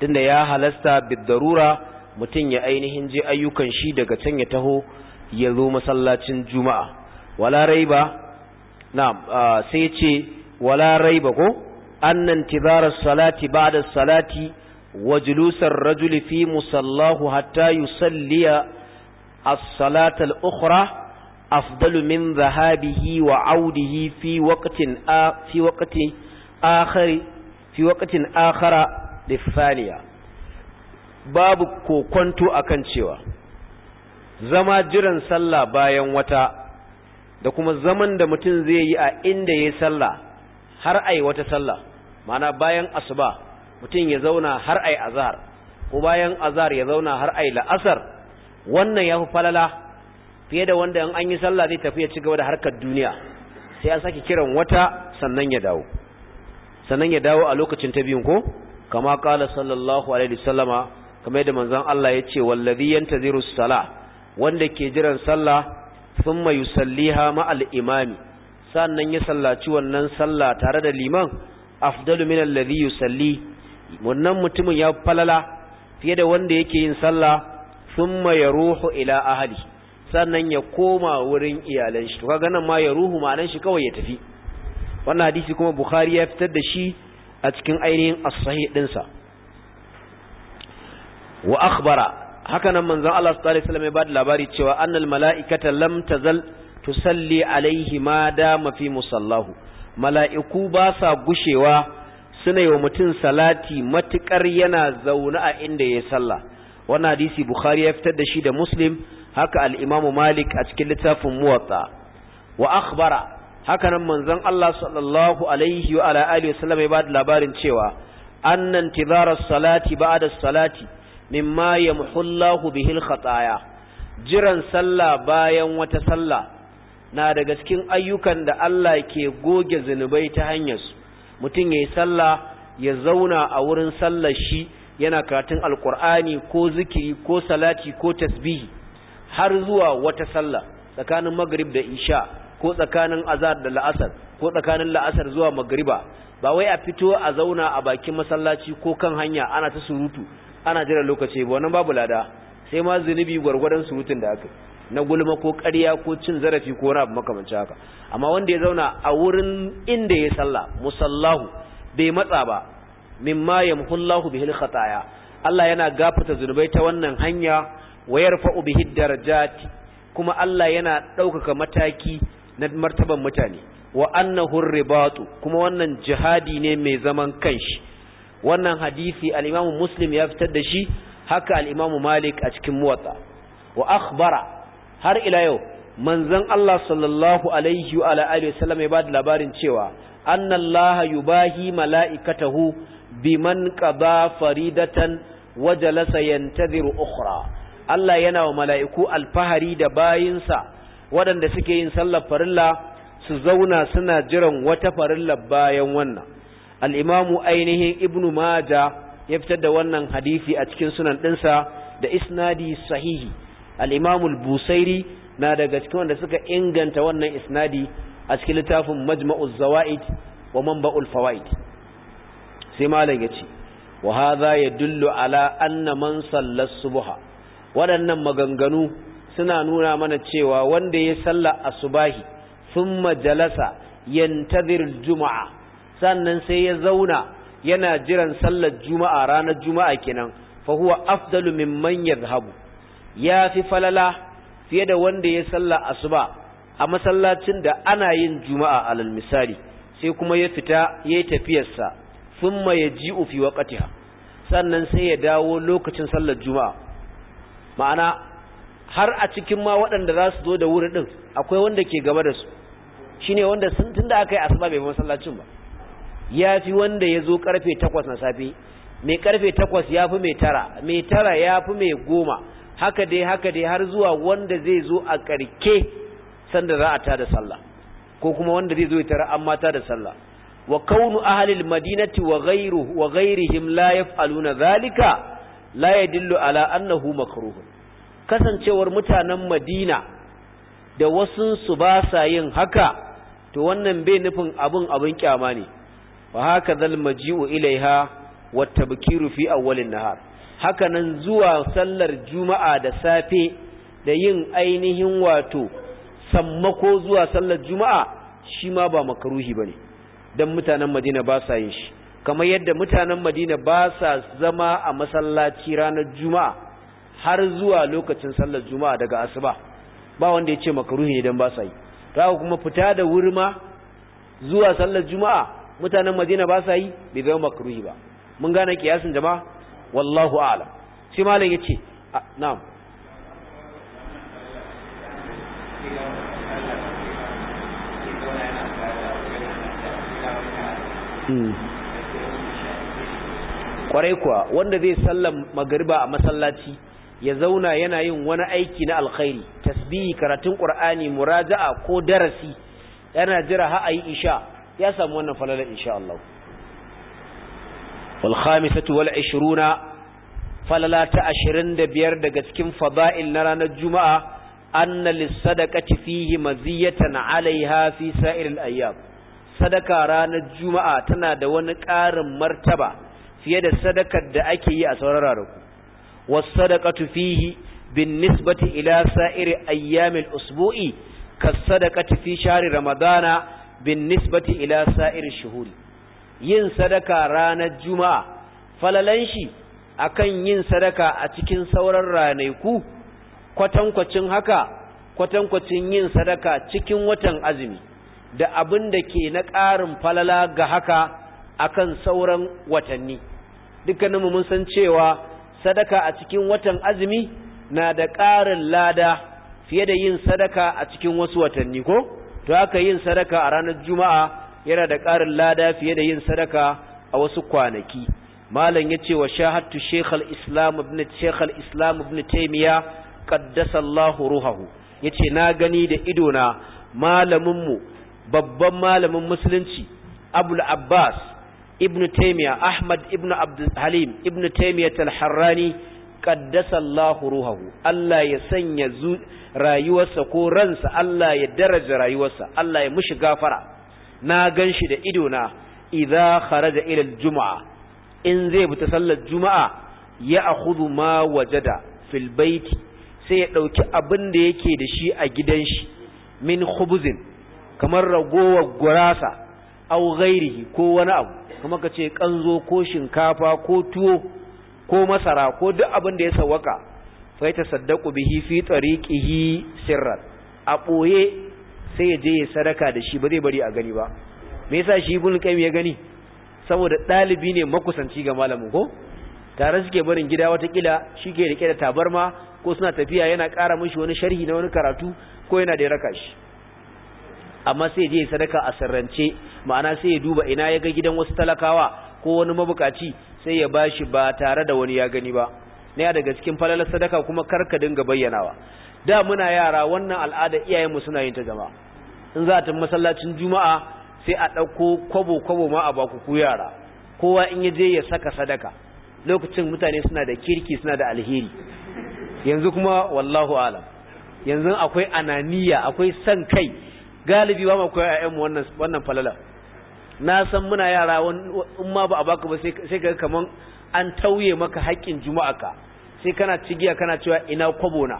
tunda ya halasta biddarura mutum ya ainihin je ayyukan shi daga can ya taho ya zo masallacin juma'a wala raiba na sai ce wala ba ko annan tibarar salati ba'da salati wa julusar rajuli fi musallahu hatta yusalliya as-salatal ukhra afdalu min dhahabihi wa audihi fi waqtin a fi waqti akhari fi waqtin akhara lifaliya babu kokonto akan cewa zama jiran sallah bayan wata da kuma zaman da mutum zai yi a inda yayi sallah har a yi wata sallah ma'ana bayan asuba mutum ya zauna har ai azar, ko bayan azar ya zauna har ai la'asar wannan ya fi falala fiye da wanda in an yi sallah zai tafiya ya ci gaba da harkar duniya sai an sake kiran wata sannan ya dawo sannan ya dawo a lokacin ta biyun ko kama kala sallallahu alaihi wasallama kamar yadda manzon Allah ya ce wallazi yantaziru salah wanda ke jiran sallah thumma yusalliha ma'al imami sannan ya sallaci wannan sallah tare da liman afdalu min allazi yusalli wannan mutumin ya falala fiye da wanda yake yin sallah sun ya ruhu ila ahali sannan ya koma wurin iyalan shi to kaga nan ma ruhu ma'anan shi kawai ya tafi wannan hadisi kuma bukhari ya fitar da shi a cikin ainihin as-sahih wa akhbara haka nan manzon Allah sallallahu alaihi wasallam ya bada labari cewa annal mala'ikata lam tazal tusalli alaihi ma dama fi musallahu mala'iku ba sa gushewa suna yi wa mutum salati matukar yana zaune a inda ya sallah wannan hadisi bukhari ya fitar da shi da muslim haka Al'imamu malik a cikin littafin Muwatsa. wa akhbara haka nan manzon Allah sallallahu alaihi wa ala alihi wasallam ya da labarin cewa annan tidarar salati ba'da salati mimma yamhu Allahu bihi al-khataya jiran sallah bayan wata sallah na daga cikin ayyukan da Allah ke goge zunubai ta hanyar su mutum ya yi sallah ya zauna a wurin sallar shi yana karatun alkur'ani ko zikiri ko salati ko tasbihi har zuwa wata sallah tsakanin magrib da isha ko tsakanin azar da la'asar ko tsakanin la'asar zuwa magriba ba wai a fito a zauna a bakin masallaci ko kan hanya ana ta surutu ana jira lokaci ba wannan babu lada sai ma zunubi gwargwadon surutun da aka yi na gulma ko ƙarya ko cin zarafi ko wani makamanci haka amma wanda ya zauna a wurin inda ya salla, musallahu bai matsa ba mimma yamhullahu bihil khataya Allah yana gafata zunubai ta wannan hanya wayar yarfa'u bihi darajati kuma Allah yana ɗaukaka mataki na martaban mutane wa annahu ribatu kuma wannan jihadi ne mai zaman kanshi wannan hadisi al-Imam Muslim ya fitar da shi haka al-Imam Malik a cikin Muwatta wa akhbara har ila yau manzon Allah sallallahu alaihi wa alihi wasallam ya bada labarin cewa annallaha yubahi mala'ikatahu biman qada faridatan wa jalasa ukhra Allah yana wa mala'iku alfahari da bayinsa waɗanda suke yin sallar farilla su zauna suna jiran wata farilla bayan wannan al-imamu ainihin ibnu maja ya fitar da wannan hadisi a cikin sunan ɗinsa da isnadi sahihi al-imam busairi na daga cikin wanda suka inganta wannan isnadi a cikin littafin majma'uz zawaid wa manba'ul fawaid sai malam yace wa ya yadullu ala anna man salla subha waɗannan maganganu suna nuna mana cewa wanda ya salla asubahi sun majalasa yantazir juma'a sannan sai ya zauna yana jiran sallar juma'a ranar juma'a kenan fa huwa afdalu mimman yadhhabu ya fi falala fiye da wanda ya salla asuba a masallacin da ana yin juma'a alal misali sai kuma ya fita ya yi tafiyarsa thumma yaji'u fi waqtiha sannan sai ya dawo lokacin sallar juma'a ma'ana har a cikin ma waɗanda za su zo da wuri ɗin akwai wanda ke gaba da su shine wanda sun tunda aka yi asuba bai masallacin ba ya fi wanda ya zo karfe takwas na safe mai karfe takwas ya fi mai tara mai tara ya fi mai goma haka dai haka dai har zuwa wanda zai zo a karke sanda za a tada sallah ko kuma wanda zai zo ya tara amma da sallah wa kaunu ahlil madinati wa ghayru wa ghayrihim la yaf'aluna zalika la yadullu ala annahu makruh kasancewar mutanen madina da wasun su ba sa yin haka to wannan bai nufin abun abun kyama ne wa haka zal maji'u ilaiha wa tabkiru fi awwalin nahar hakanan zuwa sallar juma'a da safe da yin ainihin wato sammako zuwa sallar juma'a shi ma ba makaruhi ne don mutanen Madina ba sa yin shi kamar yadda mutanen Madina ba sa zama a masallaci ranar juma'a har zuwa lokacin sallar juma'a daga asuba ba wanda ya ce makaruhi ne don ba sa yi ta kuma fita da wuri ma zuwa sallar juma'a mutanen Madina ba sa yi bai zama makaruhi ba mun gane kiyasin jama'a wallahu a'lam shi malam yace na'am hmm. kwarai kuwa wanda zai sallan magariba a masallaci ya zauna yana yin wani aiki na alkhairi tasbihi karatun qur'ani muraja'a ko darasi yana jira ha ayi isha ya samu wannan falala insha Allah wal khamisatu wal 20 falala ta 25 daga cikin fada'il na ranar juma'a annali lisadaqati fihi maziyatan 'alayha fi sa'iril ayyam sadaka ranar juma'a tana da wani ƙarin martaba fiye da sadakar da ake yi a sauran ranaku was sadaqatu fihi bin nisbati ila sa'iri ayyamil usbu'i ka sadaqati fi shahri ramadana bin nisbati ila sa'iri shuhuri yin sadaka ranar juma'a falalan shi akan yin sadaka a cikin sauran ranaku kwatankwacin haka kwatankwacin yin sadaka cikin watan azumi da abin da ke na ƙarin falala ga haka akan sauran watanni Dukkanin mu mun san cewa sadaka a cikin watan azumi na da ƙarin lada fiye da yin sadaka a cikin wasu watanni ko to aka yin sadaka a ranar juma'a yana da ƙarin lada fiye da yin sadaka a wasu kwanaki malam ya ce wa shahattu shekhal islam ibn shekhal islam ibn taymiya qaddasallahu ruhahu yace na gani da ido na malamin mu babban malamin musulunci abul abbas ibn taymiya ahmad ibn abd halim ibn taymiya al-harrani qaddasallahu ruhahu Allah ya sanya rayuwarsa ko ransa Allah ya daraja rayuwarsa Allah ya mushi gafara na gan shi da ido na idza kharaja ila aljum'a in zai fita sallar juma'a ya akhudhu ma wajada fil filba'iti sai ya dauki abin da yake da shi a gidan shi min khubuzin kamar ragowar gurasa aw ghairihi ko wani abu kuma kace kanzo ko shinkafa ko tuwo ko masara ko duk abin da ya sawaka fa ya tasaddaqu bihi fi tariqihi sirran a boye sai ya je ya sadaka da shi ba zai bari a gani ba me yasa shi ibn qayyim ya gani saboda dalibi ne makusanci ga malamin ko tare suke barin gida watakila shi ke rike da tabarma ko suna tafiya yana ƙara mishi wani sharhi na wani karatu ko yana da raka shi amma sai ya je sadaka a sarrance ma'ana sai ya duba ina ya ga gidan wasu talakawa ko wani mabukaci sai ya bashi ba tare da wani ya gani ba ne daga cikin falalar sadaka kuma karka dinga bayyanawa da muna yara wannan al'ada iyayenmu suna yin ta jama'a in za a tafi masallacin juma'a sai a ɗauko kwabo kwabo ma a baku ku yara kowa in ya je ya saka sadaka lokacin mutane suna da kirki suna da alheri yanzu kuma wallahu alam yanzu akwai ananiya akwai san kai galibi ba ma koyi ayyanmu wannan wannan falala na san muna yara in ma ba a baka ba sai ka kamar an tauye maka haƙƙin juma'a ka sai kana cigiya kana cewa ina kwabo na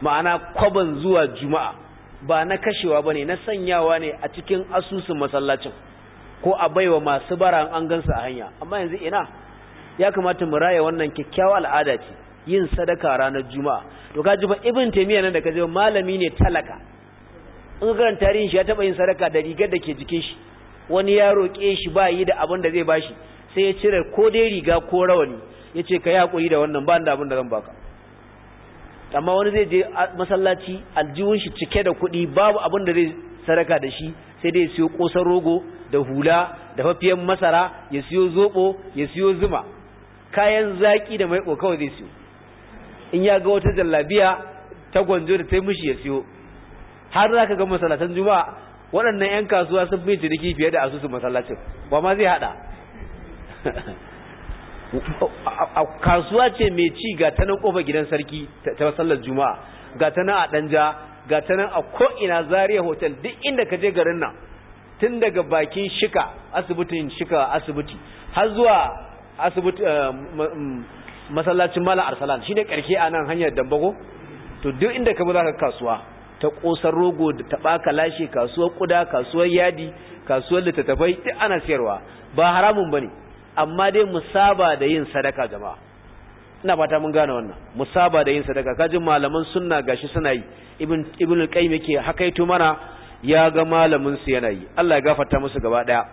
ma'ana kwaban zuwa juma'a ba na kashewa ba ne na sanyawa ne a cikin asusun masallacin ko a baiwa masu bara an gansu a hanya amma yanzu ina ya kamata mu raya wannan kyakkyawa al'ada ce yin sadaka ranar juma'a to kaji ba ibn taymiya nan da kaje malami ne talaka in ga tarihin shi ya taba yin sadaka da rigar da ke jikin shi wani ya roƙe shi ba yi da abin da zai bashi sai ya cire ko dai riga ko rawani yace ka yi hakuri da wannan ba da abin da zan baka amma wani zai je masallaci aljihun shi cike da kuɗi babu abin da zai sadaka da shi sai dai siyo kosan rogo da hula da fafiyan masara ya siyo zobo ya siyo zuma kayan zaki da mai kokawa zai siyo in ya ga wata jallabiya ta gwanjo da ta mishi ya siyo har za ka ga masallatan juma'a waɗannan 'yan kasuwa sun fi ciniki fiye da asusun masallacin ba ma zai haɗa kasuwa ce mai ci ga ta nan kofar gidan sarki ta sallar juma'a ga ta nan a danja ga ta nan a ko'ina Zariya hotel duk inda ka je garin nan tun daga bakin shika asibitin shika asibiti har zuwa asibiti eh, mm, masallacin mala arsalan shi ne a nan hanyar dambago to duk inda ka za ka kasuwa ta ƙosar rogo da ta ɓaka lashe kasuwar ƙuda kasuwar yadi kasuwar littattafai duk ana siyarwa ba haramun ba ne amma dai mu da yin sadaka jama'a ina fata mun gane wannan musaba da yin sadaka kajin malaman sunna gashi suna yi ibn ibn al-qayyim yake hakaitu mana ya ga malamin su yana yi Allah ya gafarta musu gaba daya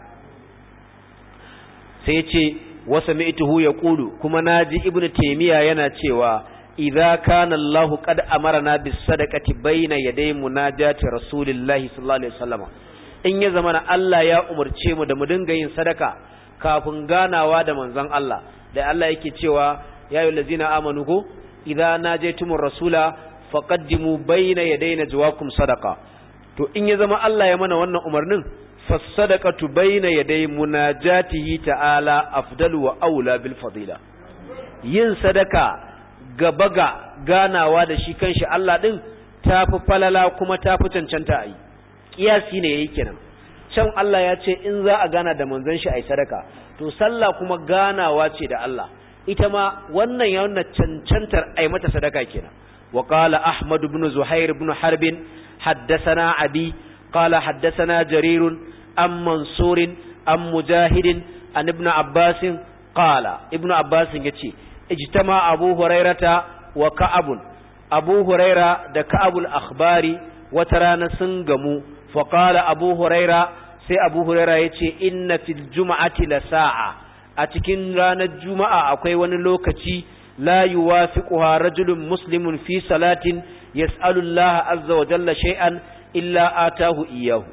sai yace wa sami'tuhu yaqulu kuma naji ibn taymiya yana cewa idza kana Allah qad amarna bis sadaqati bayna yaday munajati rasulillahi sallallahu alaihi wasallam in ya zamana Allah ya umarce mu da mu dinga yin sadaka kafin ganawa da manzon Allah da Allah yake cewa ya lazina ladzina amanu na je najaytumur rasula faqaddimu bayna yadayna jawakum sadaqa to in ya zama Allah ya mana wannan umarnin fasadaqatu bayna yaday munajatihi ta'ala afdalu wa aula bil fadila yin sadaka gaba ga ganawa da shi kanshi Allah din tafi falala kuma tafi cancanta a yi kiyasi ne yayi kenan can Allah ya ce in za a gana da manzon shi ai sadaka to sallah kuma ganawa ce da Allah ita ma wannan ya wannan cancantar ai mata sadaka kenan wa qala ahmad ibn zuhair ibn harb haddathana abi qala haddathana jarir an mansur an mujahid an ibn abbas qala ibn abbas yace ijtama abu hurairata wa ka'ab abu huraira da ka'abul akhbari wata rana sun gamu fa qala abu huraira sai abu huraira ya ce inna fil juma'ati la sa'a a cikin ranar juma'a akwai wani lokaci la yuwafiquha rajulun muslimun fi salatin yas'alu azza wa jalla shay'an illa atahu iyahu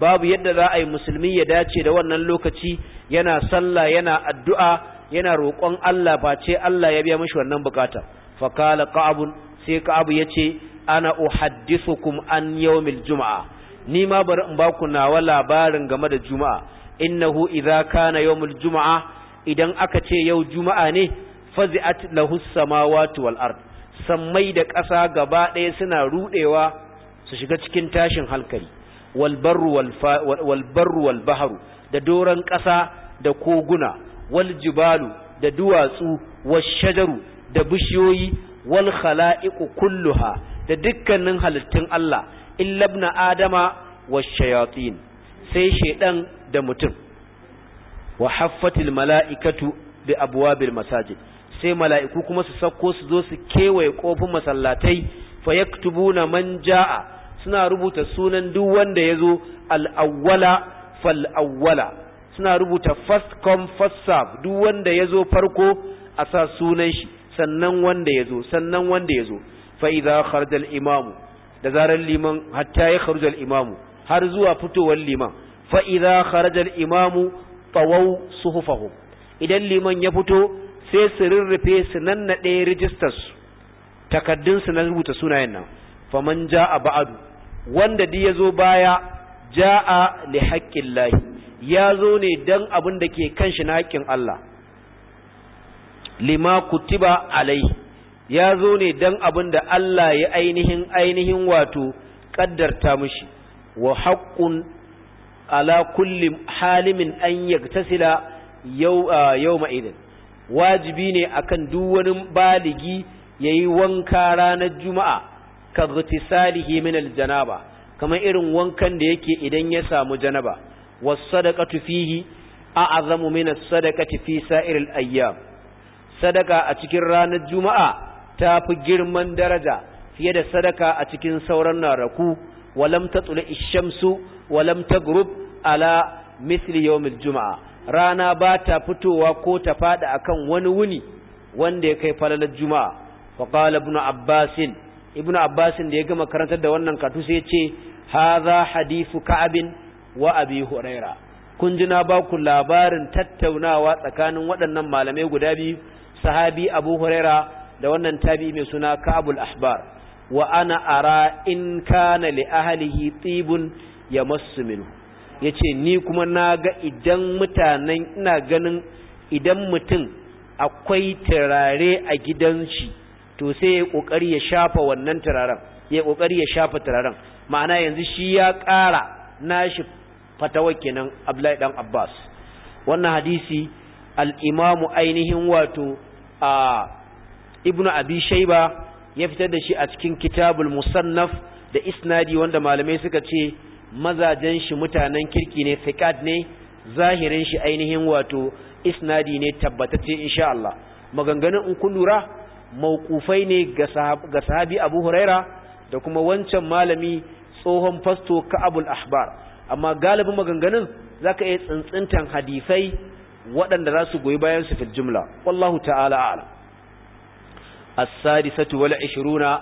babu yadda za a yi musulmi ya dace da wannan lokaci yana sallah yana addu'a yana roƙon Allah ba ce Allah ya biya mishi wannan bukata fa qala qa'ab sai qa'ab yace ana uhaddithukum an yawmil Juma'a. ni ma bari in ba ku nawa labarin game da juma'a innahu idza kana yawmul juma'a idan aka ce yau juma'a ne fazi'at lahu samawati wal ard sammai da ƙasa gaba ɗaya suna rudewa su shiga cikin tashin hankali wal barru wal barru wal baharu da doran ƙasa da koguna wal jibalu da duwatsu wash shajaru da bishiyoyi wal khala'iqu kulluha da dukkanin halittun Allah illa ibn adama shayatin sai shedan da mutum wa haffatil mala'ikatu bi abwabil masajid sai mala'iku kuma su sako su zo su kewaye kofin masallatai fa na man jaa suna rubuta sunan duk wanda yazo al-awwala fal suna rubuta first come first serve duk wanda yazo farko a sa sunan shi sannan wanda yazo sannan wanda yazo fa idza kharaja imamu da zarar liman hatta ya kharujal imamu har zuwa fitowar liman fa idza kharajal imamu tsawan suhufahum idan liman ya fito sai su rirrufe su nannade rijistar su takaddun su na rubuta sunayen nan fa man jaa ba'du wanda di yazo baya jaa li haqqillahi yazo ne dan abin da ke kan shi na haƙƙin Allah lima kutiba alaihi ya zo ne don abin da Allah ya ainihin ainihin wato ƙaddarta mushi wa haƙƙun ala kulli halimin an yaktasila yau ma'idin wajibi ne akan duk wani baligi ya yi wanka ranar juma'a ka salihi min aljanaba kamar irin wankan da yake idan ya samu janaba sadaka fihi a'zamu min sadaka sadaqati fi sa'iril ayyam sadaka a cikin ranar juma'a ta fi girman daraja fiye da sadaka a cikin sauran naraku walam ta tsula ishamsu walam ta gurub ala misli yawmil juma'a rana ba ta fitowa ko ta fada akan wani wuni wanda ya kai falalar juma'a wa qala ibnu abbasin ibnu abbasin da ya gama karantar da wannan katu sai ya ce hadha hadithu ka'abin wa abi huraira kun ji na ba ku labarin tattaunawa tsakanin waɗannan malamai guda biyu sahabi abu huraira da wannan tabi mai suna Ka'bul Ahbar wa ana ara in kana li ahlihi tibun ya Ya yace ni kuma na ga idan mutanen ina ganin idan mutum akwai turare a gidan shi to sai ya kokari ya shafa wannan turaren ya kokari ya shafa turaren ma'ana yanzu shi ya ƙara nashi fatawa kenan Abdullahi dan Abbas wannan hadisi al-imamu ainihin wato a ibnu abi shaiba ya fitar da shi a cikin kitabul musannaf da isnadi wanda malamai suka ce mazajen shi mutanen kirki ne fiqat ne zahirin shi ainihin wato isnadi ne tabbatacce insha Allah maganganun in kun lura mauqufai ne ga sahabi Abu Huraira da kuma wancan malami tsohon fasto Ka'abul Ahbar amma galibin maganganun zaka iya tsintsintan hadisai waɗanda za su goyi bayan su fil jumla wallahu ta'ala a'lam A sadisatu wal 20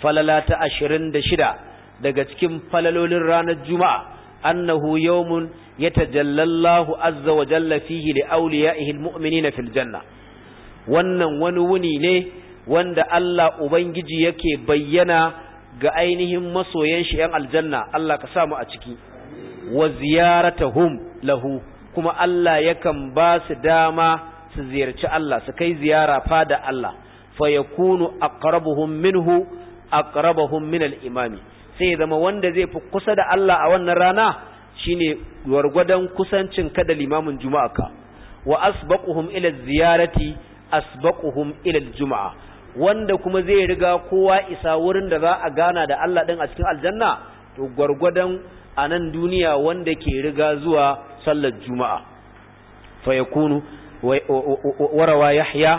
falala ta shida daga cikin falalolin ranar juma'a annahu yawmun yatajallallahu azza wa jalla fihi li awliya'ihi almu'minina fil janna wannan wani wuni ne wanda Allah ubangiji yake bayyana ga ainihin masoyan ‘yan aljanna Allah ka samu a ciki, wa ziyaratahum lahu, kuma Allah yakan ba su dama su ziyarci Allah, su kai ziyara fada Allah, Fayakunu yakunu aqrabuhum minhu aqrabuhum min al-imami sai ya zama wanda zai fi kusa da Allah a wannan rana shine gwargwadon kusancin ka da limamin juma'a ka wa asbaquhum ila ziyarati asbaquhum ila al-jum'a wanda kuma zai riga kowa isa wurin da za a gana da Allah din a cikin aljanna to gwargwadon a nan duniya wanda ke riga zuwa sallar juma'a fa yakunu yahya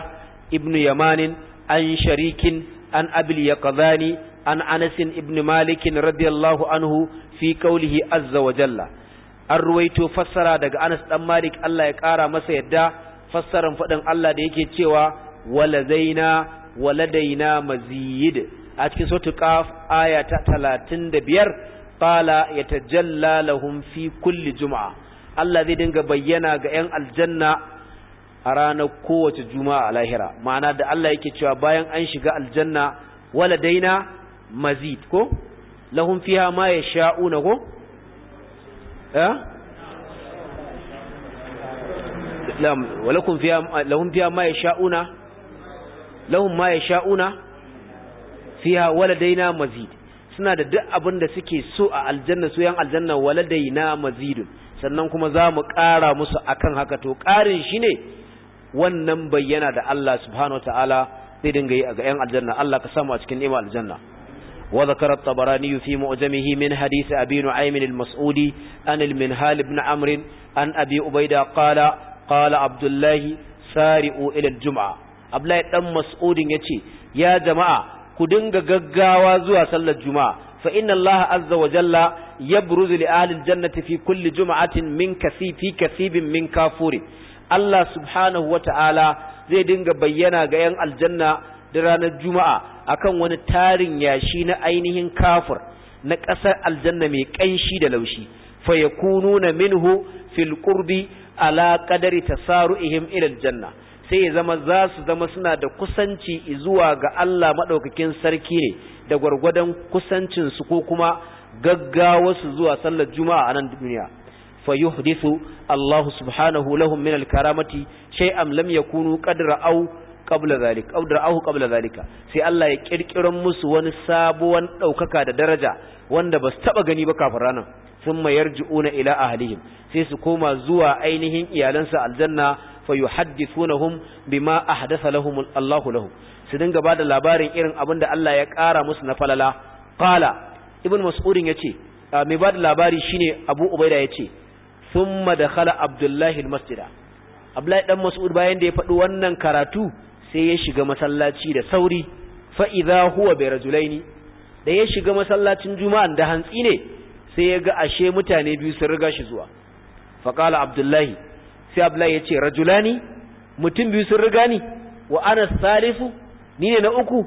ibnu yamanin an sharikin an abil yaqzani an Anasin ibn Malikin radiyallahu anhu fi kaulihi azza wa jalla an ruwaito fassara daga anas dan malik Allah ya kara masa yadda fassaran fadin Allah da yake cewa waladaina waladaina mazid a cikin suratul qaf aya ta 35 qala yatajalla lahum fi kulli juma'a. Allah zai dinga bayyana ga 'yan aljanna a ranar kowace juma'a a lahira ma'ana da Allah yake cewa bayan an shiga aljanna wala daina mazid ko lahum fiha ma yasha'una ko eh lam walakum fiha lahum fiha ma yasha'una lahum ma yasha'una fiha wala daina mazid suna da duk abin da suke so a aljanna su yan aljanna wala daina mazidun sannan kuma za mu ƙara musu akan haka to ƙarin shi ne wannan bayyana da Allah subhanahu wataala zai dinga yi ga 'yan aljanna Allah ka samu a cikin ni'ima aljanna wa zakara tabarani fi mu'jamihi min hadisi abi nu'aym al-mas'udi an al-minhal ibn amr an abi ubaida qala qala abdullahi sari'u ila al-jum'a abdullahi dan mas'udin yace ya jama'a ku dinga gaggawa zuwa sallar juma'a fa inna Allah azza wa jalla yabruzu li ahli al-jannati fi kulli jum'atin min kasifi kasibin min kafurin Allah subhanahu wa ta'ala zai dinga bayyana ga 'yan aljanna da ranar juma'a akan wani tarin yashi na ainihin kafir na ƙasar aljanna mai ƙanshi da laushi fa yakununa minhu fil qurbi ala qadari tasaru'ihim ila aljanna sai ya zama za su zama suna da kusanci zuwa ga Allah maɗaukakin sarki ne da gwargwadon kusancinsu ko kuma gaggawa su zuwa sallar juma'a a nan duniya فيحدث الله سبحانه لهم من الكرامة شيئا au يكونوا قد رأوا au ذلك zalika. Sai Allah ya سي musu wani sabuwan ونساب da daraja wanda bas taɓa taba gani ba kafin ranan. sun mayar ju'una ila ahlihim sai su koma zuwa ainihin iyalansa aljanna fa yuhaddithunahum bima ahdatha lahum Allahu lahum su dinga bada labarin irin abin da Allah ya ƙara musu na falala qala ibn mas'ud yace mai bada labari shine Abu Ubaida yace thumma dakhala abdullahi Masjida. abdullahi dan mas'ud bayan da ya faɗi wannan karatu sai ya shiga masallaci da sauri fa idza huwa bi rajulaini da ya shiga masallacin juma'an da hantsi ne sai ya ga ashe mutane biyu sun riga shi zuwa fa qala abdullahi sai abdullahi ya ce rajulani mutum biyu sun riga ni wa ana salifu ni ne na uku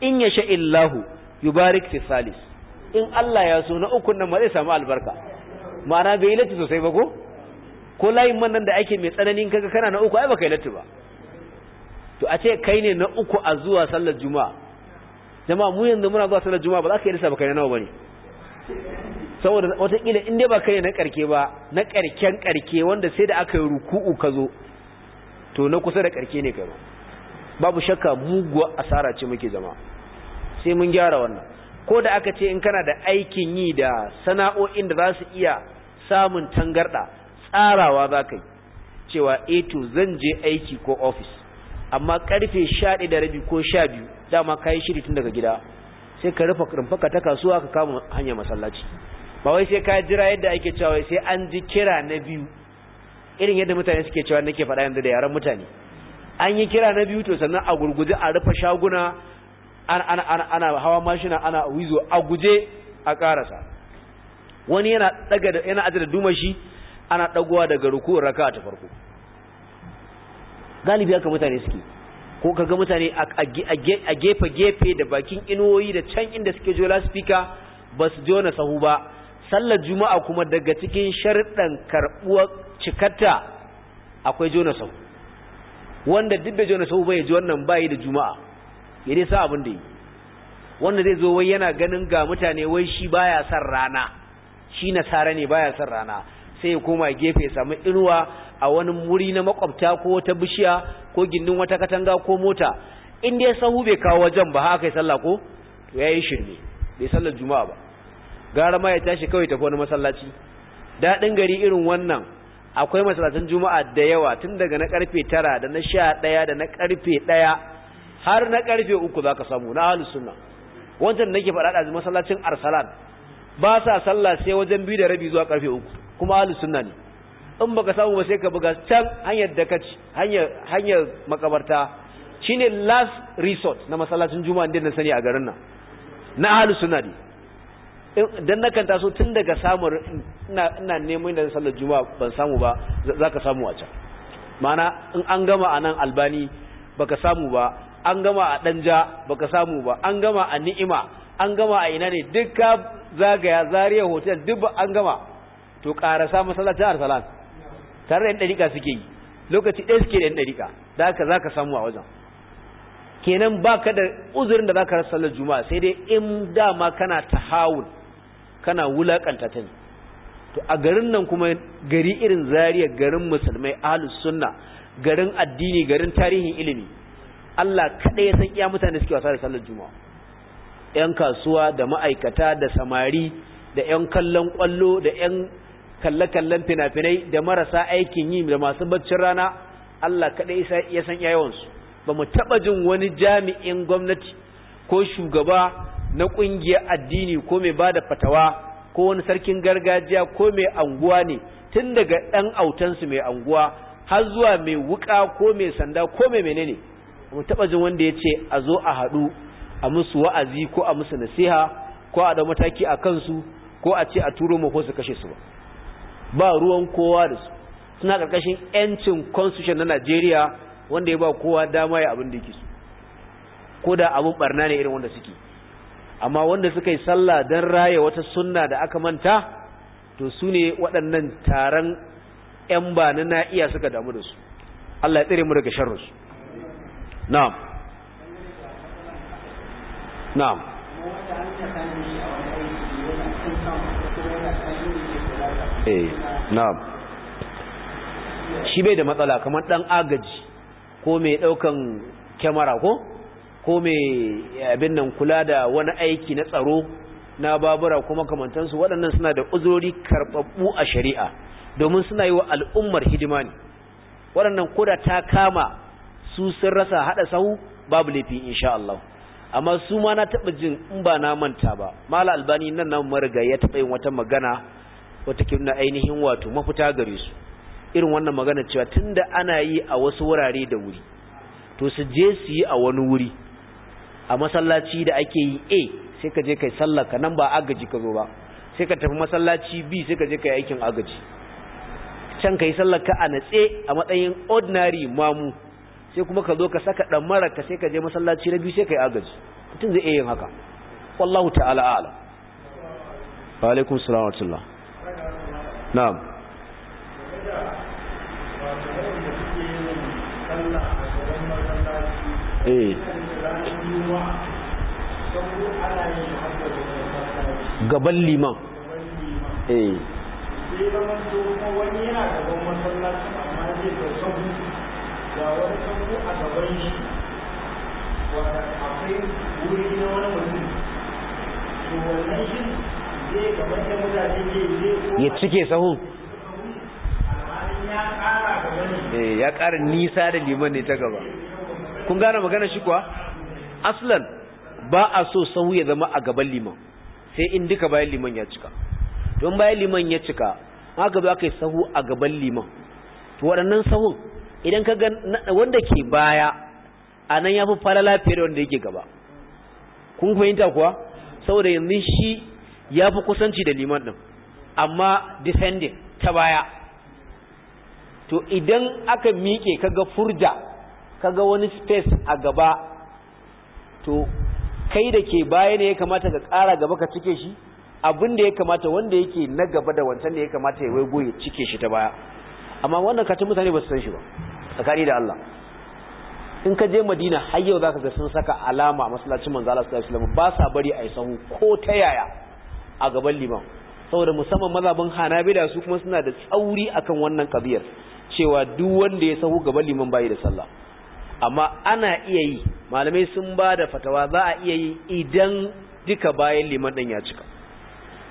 in yasha illahu yubarik fi salis in Allah ya so na uku nan ma zai samu albarka ma'ana bai latti sosai ba ko ko layin man nan da ake mai tsananin kaga kana na uku ai baka latti ba to a ce kai ne na uku a zuwa sallar juma'a jama'a mu yanzu muna zuwa sallar juma'a ba za ka yi ba kai na nawa bane saboda wataƙila in dai ba kai na karke ba na karken karke wanda sai da aka yi ruku'u ka zo to na kusa da karke ne kai ba babu shakka muguwa asara ce muke zama sai mun gyara wannan ko da aka ce in kana da aikin yi da sana'o'in da za su iya samun tangarɗa tsarawa za ka yi cewa a eh to zan je aiki ko ofis amma karfe sha ɗaya da rabi ko sha biyu dama ka yi shiri tun daga gida sai ka rufe rumfaka ta kasuwa ka kama hanyar masallaci ba wai sai ka jira yadda ake cewa sai an ji kira na biyu irin yadda mutane suke cewa nake faɗa yanzu da yaran mutane an yi kira na biyu to sannan a gurguje a rufe shaguna ana ana ana ana hawa mashina ana wizo a guje a karasa wani yana daga yana ajira dumashi ana dagowa daga ruku raka'a ta farko galibi haka mutane suke ko kaga mutane a gefe gefe da bakin inuwoyi da can inda suke jola speaker ba su jona sahu ba sallar juma'a kuma daga cikin sharɗan karɓuwar cikatta akwai jona sahu wanda duk da jona sahu bai ji wannan bayi da juma'a ya dai sa abin da yi wanda zai zo wai yana ganin ga mutane wai shi baya son rana shi nasara ne baya son rana sai ya koma gefe ya samu inuwa a wani muri na makwabta ko wata bishiya ko gindin wata katanga ko mota in dai sahu bai kawo wajen ba haka ya sallah ko to yayi shirme bai sallar juma'a ba gara ma ya tashi kawai tafi wani masallaci daɗin gari irin wannan akwai masallacin juma'a da yawa tun daga na karfe tara da na sha ɗaya da na karfe ɗaya har na karfe uku za ka samu na ahalus sunna wancan nake faɗa da masallacin arsalan ba sa sallah sai wajen biyu da rabi zuwa karfe uku kuma ahalus sunna ne in ba ka samu ba sai ka buga can hanyar da ka ci hanyar makabarta shine last resort na masallacin juma'a din nan sani a garin nan na ahalus sunna ne dan nakan taso tun daga samun ina ina neman da sallar juma'a ban samu ba za ka samu a can ma'ana in an gama a nan albani baka samu ba an gama a ɗanja baka samu ba an gama a ni'ima an gama a ina ne duk ka zagaya zariya hotel duk an gama to karasa masallacin arsalan tare da yan dariƙa suke yi lokaci ɗaya suke da yan dariƙa da haka za ka samu a wajen kenan baka da uzurin da zaka rasa sallar juma'a sai dai in dama kana tahawul kana wulakanta ta ne to a garin nan kuma gari irin zariya garin musulmai ahlus sunna garin addini garin tarihin ilimi Allah kaɗai ya san iya mutane suke wasa da sallar juma'a yan kasuwa da ma'aikata da samari da yan kallon ƙwallo da yan kalle kallon fina-finai da marasa aikin yi da masu baccin rana Allah kaɗai ya san yawansu ba mu taɓa jin wani jami'in gwamnati ko shugaba na ƙungiyar addini ko mai ba da fatawa ko wani sarkin gargajiya ko mai anguwa ne tun daga ɗan autansu mai anguwa har zuwa mai wuƙa ko mai sanda ko mai menene mu taba jin wanda ya ce a zo a haɗu a musu wa'azi ko a musu nasiha ko a da mataki a kansu ko a ce a turo mu ko su kashe su ba ba ruwan kowa da su suna karkashin yancin constitution na Najeriya wanda ya ba kowa dama ya abin da yake so ko da abun barna ne irin wanda suke amma wanda suka yi sallah dan raye wata sunna da aka manta to su ne waɗannan taron 'yan ba na na'iya suka damu da su Allah ya tsire mu daga sharrinsu na'am na'am eh na'am shi bai da matsala kamar dan agaji ko mai daukan kyamara ko ko mai abin nan kula da wani aiki na tsaro na babura kuma kamantansu waɗannan suna da uzuri karɓaɓɓu a shari'a domin suna yi wa al'ummar hidima ne waɗannan koda ta kama su sun rasa haɗa sahu babu laifi insha Allah amma su ma na taba jin in ba na manta ba mala albani nan nan mariga ya taba yin wata magana wata kinna ainihin wato mafita gare su irin wannan magana cewa tunda ana yi a wasu wurare da wuri to su je su yi a wani wuri a masallaci da ake yi A sai ka je kai sallar ka nan ba agaji ka zo ba sai ka tafi masallaci B sai ka je kai aikin agaji can kai sallar ka a natse a matsayin ordinary mamu sai kuma ka zo ka saka dan maraka sai ka je masallaci na biyu sai kai agaji mutum zai iya yin haka wallahu ta'ala ala wa alaikum salam wa rahmatullah na'am eh gaban liman eh sai wani yana gaban masallaci amma zai ga wani kanku a gaban shi wata akwai wuri na wani mutum to wannan shi zai kamar mutane ke zai ya cike sahun eh, ya ƙara nisa da liman ne ta gaba kun gane magana shi kuwa aslan ba a so sahu ya zama a gaban liman sai in duka bayan liman ya cika don bayan liman ya cika aka ba aka yi sahu a gaban liman to waɗannan sahun idan ka ga wanda ke baya a nan ya fi falala fiye da wanda yake gaba kun fahimta kuwa saboda yanzu shi ya fi kusanci da liman ɗin amma defending ta baya to idan aka miƙe kaga furda kaga wani space a gaba to kai da ke baya ne ya kamata ka ƙara gaba ka cike shi abinda da ya kamata wanda yake na gaba da wancan da ya kamata ya waigo ya cike shi ta baya amma wannan katin mutane ba su san shi ba tsakani da Allah in ka je Madina har yau zaka ga sun saka alama a masallacin manzala su sallallahu ba sa bari a yi sahu ko ta yaya a gaban liman saboda musamman bai da su kuma suna da tsauri akan wannan kabiyar cewa duk wanda ya sahu gaban liman bayi da sallah amma ana iya yi malamai sun ba da fatawa za a iya yi idan duka bayan liman ɗin ya cika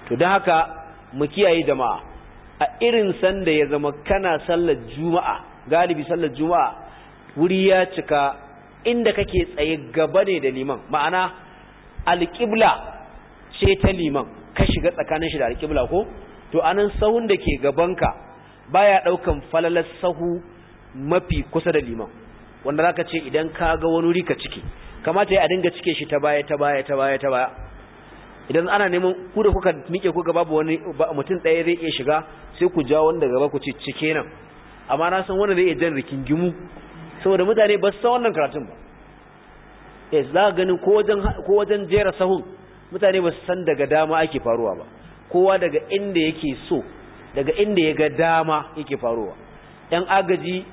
to don haka mu kiyaye jama'a a irin sanda ya zama kana sallar juma'a galibi sallar juma'a wuri ya cika inda kake tsaye gaba ne da liman ma'ana alƙibla ce ta liman ka shiga tsakanin shi da alƙibla ko to anan sahun da ke gabanka baya ɗaukan falalar sahu mafi kusa da liman wanda zaka ce idan ka ga wani wuri ka ciki kamata ya dinga cike shi ta baya ta baya ta baya ta baya idan ana neman ku da kuka mike ku ga babu wani mutum ɗaya zai iya shiga sai ku ja wanda gaba ku ci cike nan amma na san wanda zai iya jan gimu saboda mutane ba su san wannan karatun ba yes za ganin ko wajen jera sahun mutane ba san daga dama ake faruwa ba kowa daga inda yake so daga inda ya ga dama yake faruwa yan agaji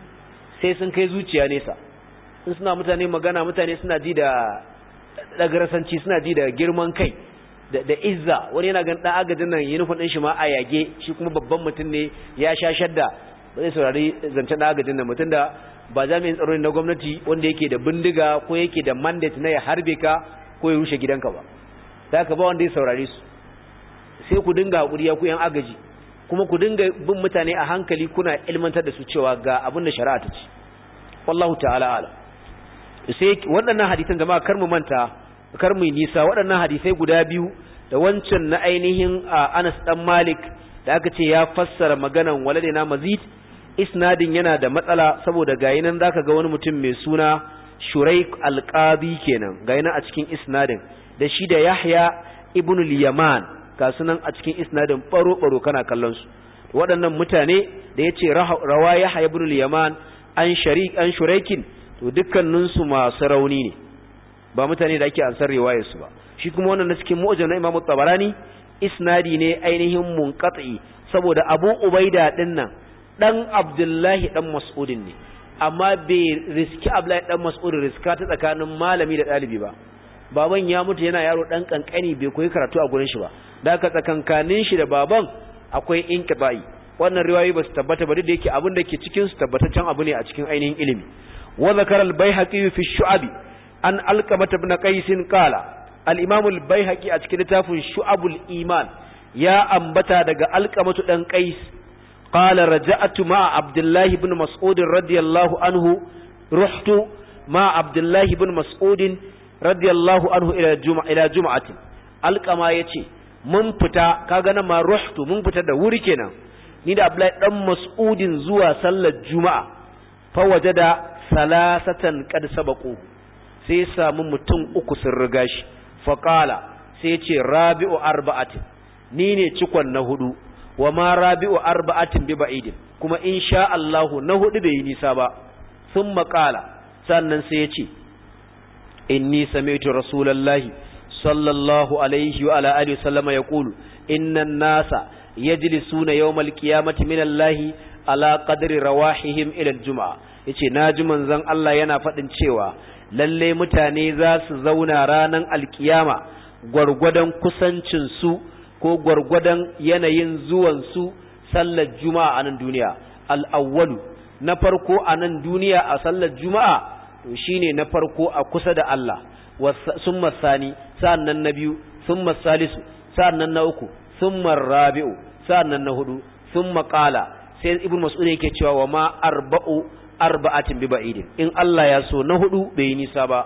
sai sun kai zuciya nesa in suna mutane magana mutane suna ji da ɗagarasanci suna ji da girman kai da izza wani yana ganin ɗan agajin nan yi nufin ɗin shi ma a yage shi kuma babban mutum ne ya sha shadda ba zai saurari zancen agajin da mutum da ba jami'in yi ne na gwamnati wanda yake da bindiga ko yake da mandate na ya harbe ka ko ya rushe gidanka ba da ka ba wanda ya saurari su sai ku dinga haƙuri ya ku yan agaji kuma ku dinga bin mutane a hankali kuna ilmantar da su cewa ga abin da shari'a ta ce wallahu ta'ala ala sai waɗannan hadisan da kar mu manta kar mu nisa waɗannan hadisai guda biyu da wancan na ainihin Anas dan Malik da aka ce ya fassara maganan waladina mazid isnadin yana da matsala saboda gayi nan zaka ga wani mutum mai suna Shuraik alqadi kenan gayi nan a cikin isnadin da shi da Yahya ibn Liyaman yaman ga sunan a cikin isnadin baro baro kana kallon su waɗannan mutane da yace rawa Yahya ibn Liyaman yaman an Sharik an Shuraikin to dukkanin su masu rauni ne ba mutane da ake ansar riwayar su ba shi kuma wannan na cikin mu'jam na Imam Tabarani isnadi ne ainihin munqati saboda Abu Ubaida nan. dan abdullahi dan mas'udin ne amma bai riski abdullahi dan mas'udin riska ta tsakanin malami da ɗalibi ba baban ya mutu yana yaro dan kankani bai koyi karatu a gurin shi ba da haka tsakankanin shi da baban akwai inkibai wannan riwayoyi ba su tabbata ba duk da yake abin da ke cikin su tabbataccen abu ne a cikin ainihin ilimi wa zakara al-baihaqi fi shu'ab an alqamat ibn qais qala al-imam al-baihaqi a cikin littafin shu'abul iman ya ambata daga alqamatu dan qais قال Raja'atu مع عبد الله بن مسعود رضي الله عنه رحت مع عبد الله بن مسعود رضي الله عنه alƙama ya ce mun fita kaga na ma ruhtu mun fita da wuri kenan ni da Abdullahi dan Mas'udin zuwa sallar Juma'a fa da salasatan qad sabaqu sai samu mutum uku sun riga shi fa qala sai ce rabi'u arba'atin ni ne cikon na hudu wa ma rabi'u arba'atin bi ba'idin kuma insha Allah na hudu bai yi nisa ba sun maƙala sannan sai ya ce inni sami'tu rasulallahi sallallahu alaihi wa ala alihi sallama kulu innan nasa yajlisuna yawmal qiyamati min Allahi ala qadri rawahihim ila aljum'a yace naji manzon Allah yana faɗin cewa lalle mutane za su zauna ranan alkiyama gwargwadon kusancin su ko gwargwadon yanayin zuwansu sallar juma'a a nan duniya al'awwalu na farko a nan duniya a sallar juma'a to shine na farko a kusa da Allah sun masani nan na biyu sun masalisu nan na uku sun sa'an nan na hudu sun maƙala sai ibn mas'ud yake cewa wa ma arba'u arba'atin bi idin. in Allah ya so na hudu bai yi nisa ba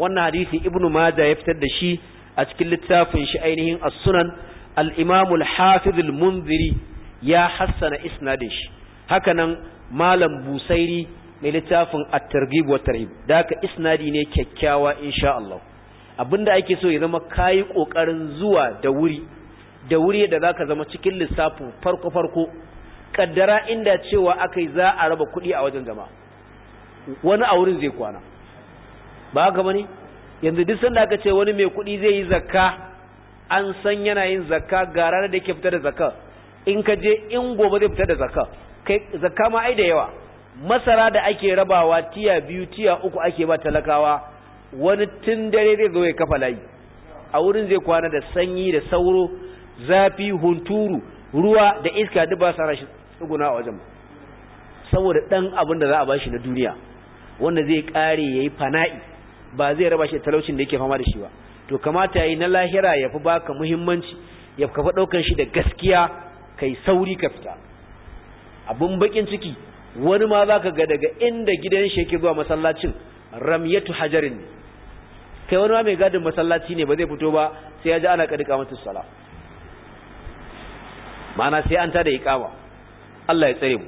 wannan hadisi ibn majah ya fitar da shi a cikin littafin shi ainihin as-sunan al الحافظ المنذري يا حسن munziri ya hassana isnadin shi hakanan malam busairi mai littafin at-targhib wa tarhib da isnadi ne kyakkyawa insha Allah abinda ake so ya zama kayi kokarin zuwa da wuri da wuri da zaka zama cikin lissafin farko farko kaddara inda cewa akai za a raba kuɗi a wajen jama'a wani a wurin zai kwana ba haka bane yanzu duk sanda aka ce wani mai kuɗi zai yi zakka an san yana yin zakka ga ranar da yake fita da zakka in ka je in gobe zai fita da zakka kai zakka ma ai da yawa masara da ake rabawa tiya biyu tiya uku ake ba talakawa wani tun dare zai zo ya kafa layi a wurin zai kwana da sanyi da sauro zafi hunturu ruwa da iska duk ba sa tsuguna a wajen saboda dan abin da za a bashi na duniya wanda zai kare yayi fana'i ba zai raba shi talaucin da yake fama da shi ba to kamata yayi na lahira yafi baka muhimmanci ya kafa ɗaukar shi da gaskiya kai sauri ka fita abin bakin ciki wani ma za ga daga inda gidan shi yake zuwa masallacin ramyatu hajarin ne kai wani ma mai gadin masallaci ne ba zai fito ba sai ya ji ana kadika mata sala mana sai an tada iqama Allah ya tsare mu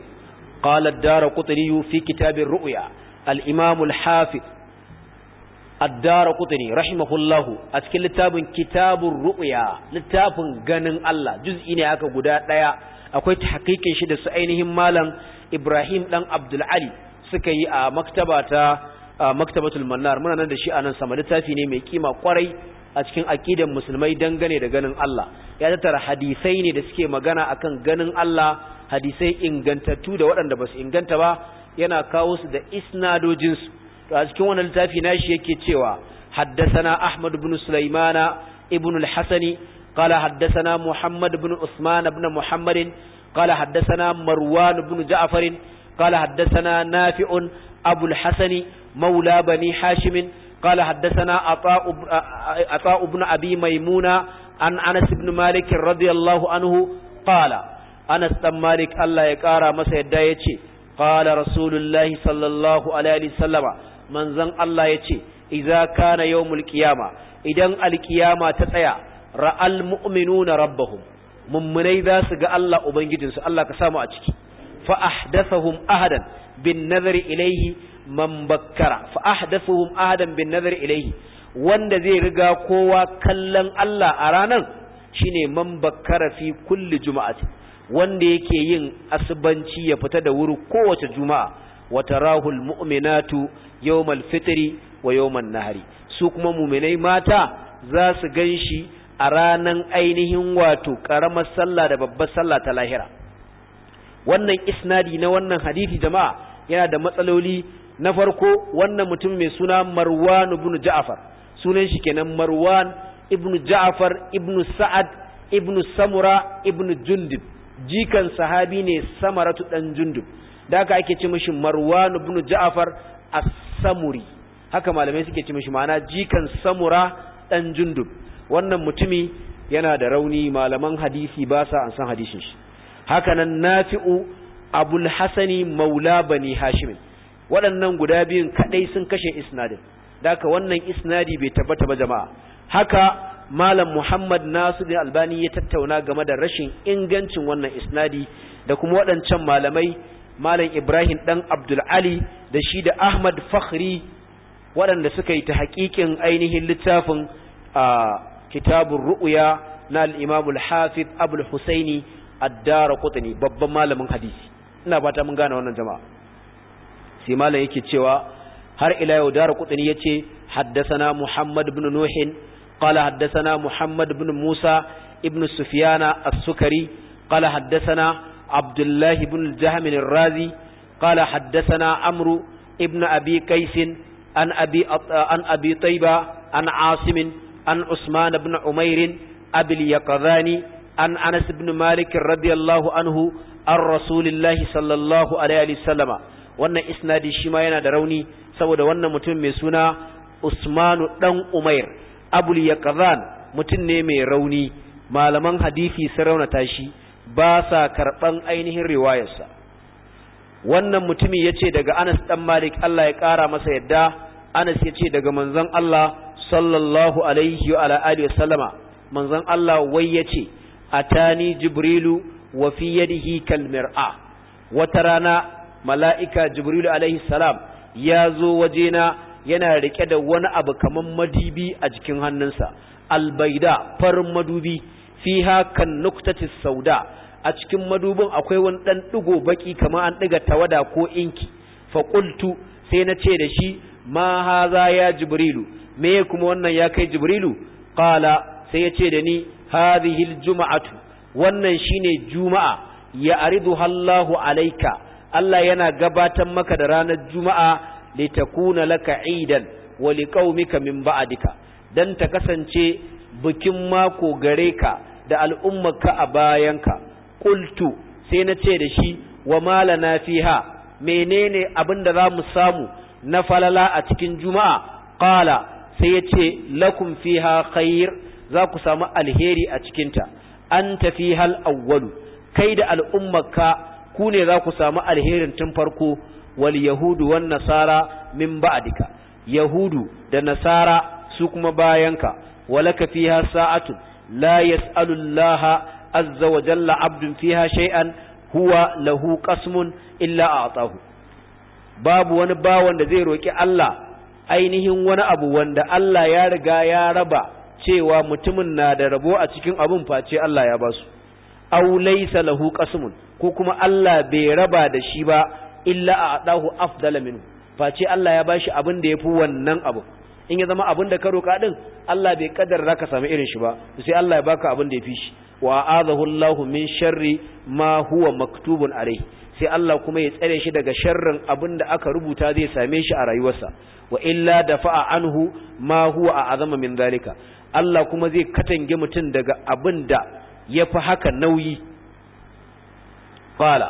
qala ad-darqutni fi kitab ar-ru'ya al-imam al-hafiz addara kutuni rahimahullahu a cikin littafin kitabun ru'ya littafin ganin Allah juz'i ne aka guda daya akwai tahqiqin shi da su ainihin malam Ibrahim dan Abdul Ali suka yi a maktaba ta maktabatul mannar muna nan da shi anan sama littafi ne mai kima kwarai a cikin aqidan musulmai dangane da ganin Allah ya tattara hadisai ne da suke magana akan ganin Allah hadisai ingantattu da waɗanda ba su inganta ba yana kawo su da isnadojinsu a cikin wannan littafi nashi yake cewa haddathana ahmad ibn sulaimana ibn al-hasan qala haddathana muhammad ibn usman ibn muhammadin qala haddathana marwan ibn ja'far qala haddathana nafi'un abul hasan مولى بني هاشم قال حدثنا عطاء بن أبي ميمونة عن أنس بن مالك رضي الله عنه قال أنس بن مالك الله يقارى مسا يدايتي yace رسول الله صلى الله عليه manzon Allah ya ce Iza kana yau mulkiyama. idan alkiyama ta tsaya ra'al na rabbahum mummunai za su ga Allah ubangijinsu Allah ka samu a ciki fa ahadan bin nazari ilaihi man bakkara ahadan bin nazari ilaihi wanda zai riga kowa kallon Allah a ranar shine man bakkara fi kulli juma'ati wanda yake yin asubanci ya fita da wuri kowace juma'a wata rahul mu'minatu yawmal fitri wa yawman nahari su kuma muminai mata za su ganshi a ranan ainihin wato karamar sallah da babbar sallah ta lahira wannan isnadi na wannan hadisi jama'a yana da matsaloli na farko wannan mutum mai suna Marwan ibn Ja'far sunan shi kenan Marwan ibn Ja'far ibn Sa'ad ibn Samura ibn Jundub jikan sahabi ne Samaratu dan Jundub da aka ake ce mishi Marwan ibn Ja'far as samuri haka malamai suke ce mishi ma'ana jikan samura dan jundub wannan mutumi yana da rauni malaman hadisi ba sa an san hadisin shi haka nan nafi'u abul hasani maula bani hashim waɗannan guda biyun kadai sun kashe isnadin daka wannan isnadi bai tabbata ba jama'a haka malam muhammad nasiru albani ya tattauna game da rashin ingancin wannan isnadi da kuma waɗancan malamai malam ibrahim dan abdul ali da shi da ahmad fakhri waɗanda suka yi ta haƙiƙin ainihin littafin kitabun ru'uya na al'imamul hafiz abul husaini dara kutani babban malamin hadisi ina fata mun gane wannan jama'a sai malam yake cewa har ila yau dara kutani yace haddasana muhammad Bin nuhin qala haddasana muhammad Bin musa ibn sufiyana as-sukari qala عبد الله بن الجهم الرازي قال حدثنا أمر ابن أبي كيس عن أبي, عن أبي طيبة عن عاصم عن عثمان بن عمير أبي اليقظاني عن أنس بن مالك رضي الله عنه عن رسول الله صلى الله عليه وسلم wannan isnadi shi ma yana da rauni saboda wannan mutum mai suna Usmanu dan Umair Abul Yaqzan mutum ne mai rauni malaman hadisi sun raunata shi ba sa karɓan ainihin riwayarsa wannan mutumin ya ce daga anas ɗan malik allah ya ƙara masa yadda anas ya ce daga manzon allah sallallahu alaihi wa alihi wa sallama manzon allah wai ya ce atani jibrilu wa fi yadihi kal mir'a wata rana mala'ika jibrilu alaihi salam ya zo wajena yana riƙe da wani abu kamar madibi a jikin hannunsa albaida farin madubi fiha kan nuktatis sauda a cikin madubin akwai wani dan digo baki kamar an diga tawada ko inki fa qultu sai na ce da shi ma haza ya jibrilu me kuma wannan ya kai jibrilu qala sai ya ce da ni hadhihi aljum'atu wannan shine juma'a ya aridu hallahu alayka Allah yana gabatar maka da ranar juma'a litakuna laka idan wa liqaumika min ba'dika dan ta kasance bikin mako gare ka da ka a bayanka qultu sai na ce da shi wa malana fiha menene abin da za mu samu na falala a cikin juma'a qala sai ya ce lakum fiha khair za ku samu alheri a cikinta An tafi hal awwalu kai da ka ku ne za ku samu alherin tun farko wal yahudu wan nasara min ba'dika yahudu da nasara su kuma bayanka walaka fiha sa'atun la yas'alu Allah azza wa jalla abdun fiha shay'an huwa lahu qasmun illa a'tahu babu wani bawan da zai roki Allah ainihin wani abu wanda Allah ya riga ya raba cewa mutumin na da rabo a cikin abun face Allah ya basu aw lahu qasmun ko kuma Allah bai raba da shi ba illa a'tahu afdala minhu face Allah ya bashi abin da yafi wannan abu in ya zama abin da ka roka din Allah bai kaddara ka samu irin shi ba sai Allah ya baka abin da ya fi shi wa azahu Allahu min sharri ma huwa maktubun alai sai Allah kuma ya tsare shi daga sharrin abin da aka rubuta zai same shi a rayuwarsa wa illa dafa'a anhu ma huwa a'zama min zalika Allah kuma zai katange mutum daga abin da ya fi haka nauyi qala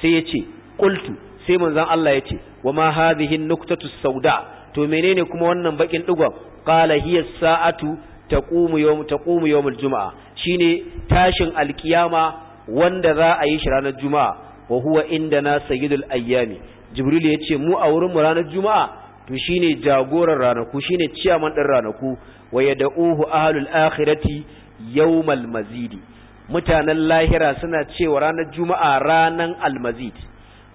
sai ya ce qultu sai manzon Allah ya ce wa ma hadhihi nuktatu sauda to menene kuma wannan bakin digon qala hiya sa'atu taqumu yawm taqumu yawmul juma'a shine tashin alƙiyama wanda za a yi shi ranar juma'a wa huwa na sayyidul ayyami jibril ya ce mu a wurin mu ranar juma'a to shine jagoran ranaku shine ciyaman din ranaku wa yad'uhu ahlul akhirati yawmal mazidi mutanen lahira suna cewa ranar juma'a ranan almazid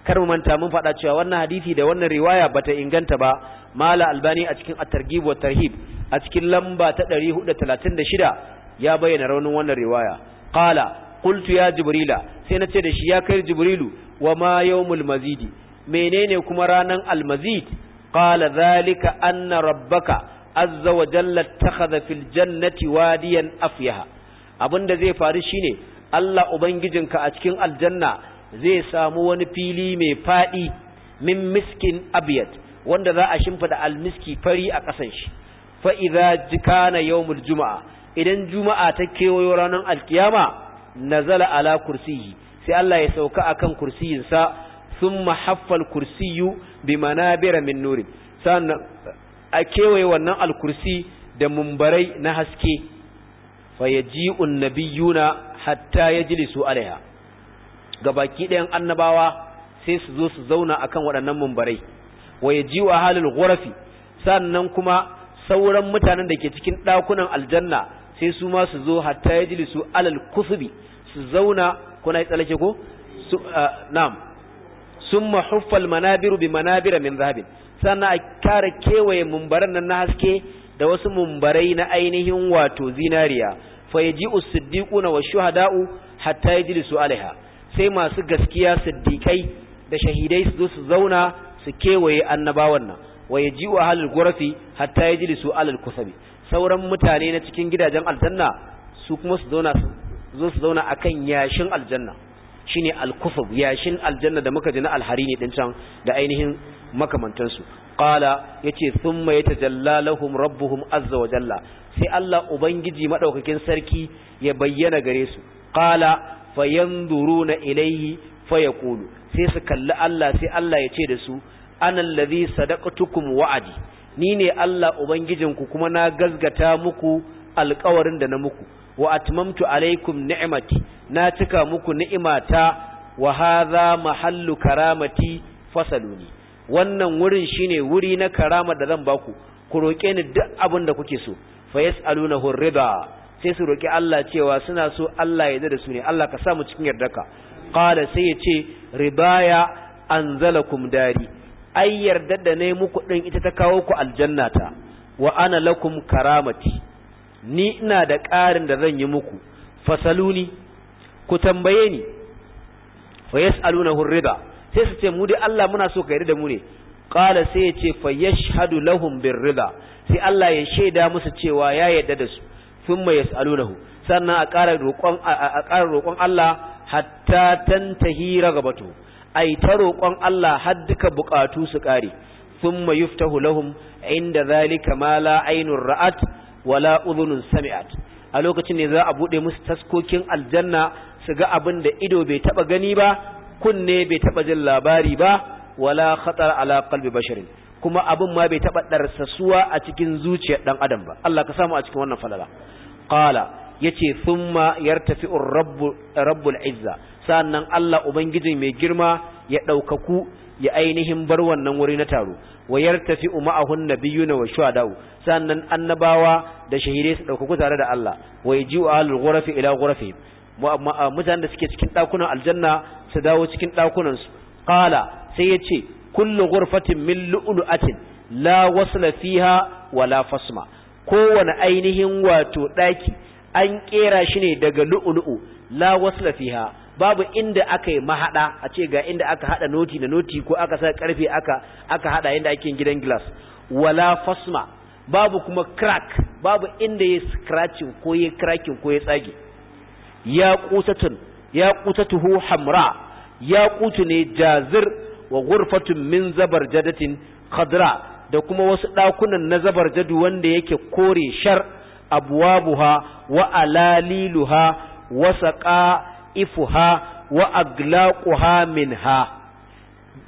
kar mu manta mun faɗa cewa wannan hadisi da wannan riwaya bata inganta ba mala albani a cikin at-targhib wa tarhib a cikin lamba ta 436 ya bayyana raunin wannan riwaya qala qultu ya jibrila sai na ce da shi ya kai jibrilu wa ma yawmul mazidi menene kuma ranan almazid qala zalika anna rabbaka azza wa jalla takhadha fil jannati wadiyan afyaha abinda zai faru shine Allah ubangijinka a cikin aljanna zai samu wani fili mai faɗi min miskin abiyat wanda za a shimfida almiski fari a ƙasan shi Fa'iza jika na yawmul juma'a idan juma'a ta kewayo ranar alkiyama nazala ala kursiyi sai Allah ya sauka akan kursiyinsa thumma haffal kursiyu bi manabira min nurin sannan a kewaye wannan alkursi da mumbarai na haske fa yaji'un nabiyuna hatta su alaiha ga baki ɗayan annabawa sai su zo su zauna akan waɗannan mumbarai wa yajiwa halin ghurafi sannan kuma sauran mutanen da ke cikin ɗakunan aljanna sai su ma su zo hatta ya jili su alal kusubi su zauna kuna yi tsalake ko? na'am sun mahuffal manabiru bi manabira min zahabin sannan a kara kewaye mumbaran nan na haske da wasu mumbarai na ainihin wato zinariya fa ya ji usuddiƙuna wa shuhada'u hatta ya jili su alaiha sai masu gaskiya siddiƙai da shahidai su zo su zauna su kewaye annabawan nan wa yaji'u ahlul ghurafi hatta yajlisu alal kusabi sauran mutane na cikin gidajen aljanna su kuma su zauna zo su zauna akan yashin aljanna shine al-kufab yashin aljanna da muka ji na alhari ne din can da ainihin makamantansu qala yace thumma yatajalla lahum rabbuhum azza wa jalla sai Allah ubangiji madaukakin sarki ya bayyana gare su qala fayanzuruna ilayhi fayaqulu sai su kalli Allah sai Allah ya ce da su anan ladhi sadaqtukum wa'adi ni ne Allah ubangijin ku kuma na gazgata muku alƙawarin da na muku wa atmamtu alaikum ni'mati na cika muku ni'imata wa hadha mahallu karamati fasaluni wannan wurin shine wuri na karama da zan baku ku roke ni duk abin da kuke so fa yasaluna hurriba sai su roki Allah cewa suna so Allah ya da su ne Allah ka sa cikin yardaka qala sai ya ce ribaya anzalakum dari ai yardar da ne muku din ita ta kawo ku aljannata wa ana lakum karamati ni ina da ƙarin da zan yi muku fasaluni ku tambaye ni fa yasaluna rida sai su ce mu dai Allah muna so ka yarda da mu ne qala sai ya fa yashhadu lahum birrida sai Allah ya shaida musu cewa ya yarda da su thumma yas'alunahu sannan a ƙara roƙon a ƙara roƙon Allah hatta tantahi ragabatu ai ta roƙon Allah har duka buƙatu su ƙare thumma yuftahu lahum inda zalika ma la ra'at wala udhunun sami'at a lokacin ne za a bude musu taskokin aljanna su ga abin da ido bai taba gani ba kunne bai taba jin labari ba wala khatar ala qalbi basharin kuma abin ma bai taɓa ɗarsasuwa a cikin zuciyar ɗan adam ba Allah ka samu a cikin wannan falala qala yace thumma yartafi'ur rabbu rabbul izza sannan Allah ubangiji mai girma ya ɗaukaku ya ainihin bar wannan wuri na taro wa yartafi'u biyu na wa shuhada'u sannan annabawa da shahire su ɗaukaku tare da Allah wa ji ahlul ghurafi ila gurafi mutanen da suke cikin ɗakunan aljanna su dawo cikin ɗakunansu. su qala sai yace kullu ghurfatin min lu'lu'atin la wasla fiha wala fasma kowane ainihin wato daki an kera shi ne daga lu'lu'u la wasla fiha babu inda aka yi mahada a ce ga inda aka hada noti da noti ko aka sa karfe aka aka hada inda ake gidan glass wala fasma babu kuma crack babu inda ya scratching ko ya cracking ko ya tsage ya qutatun ya qutatuhu hamra ya qutu ne jazir wa ghurfatun min zabarjadatin khadra da kuma wasu dakunan na zabarjadu wanda yake kore shar abwabuha wa alaliluha wa saqaifuha wa aglaquha minha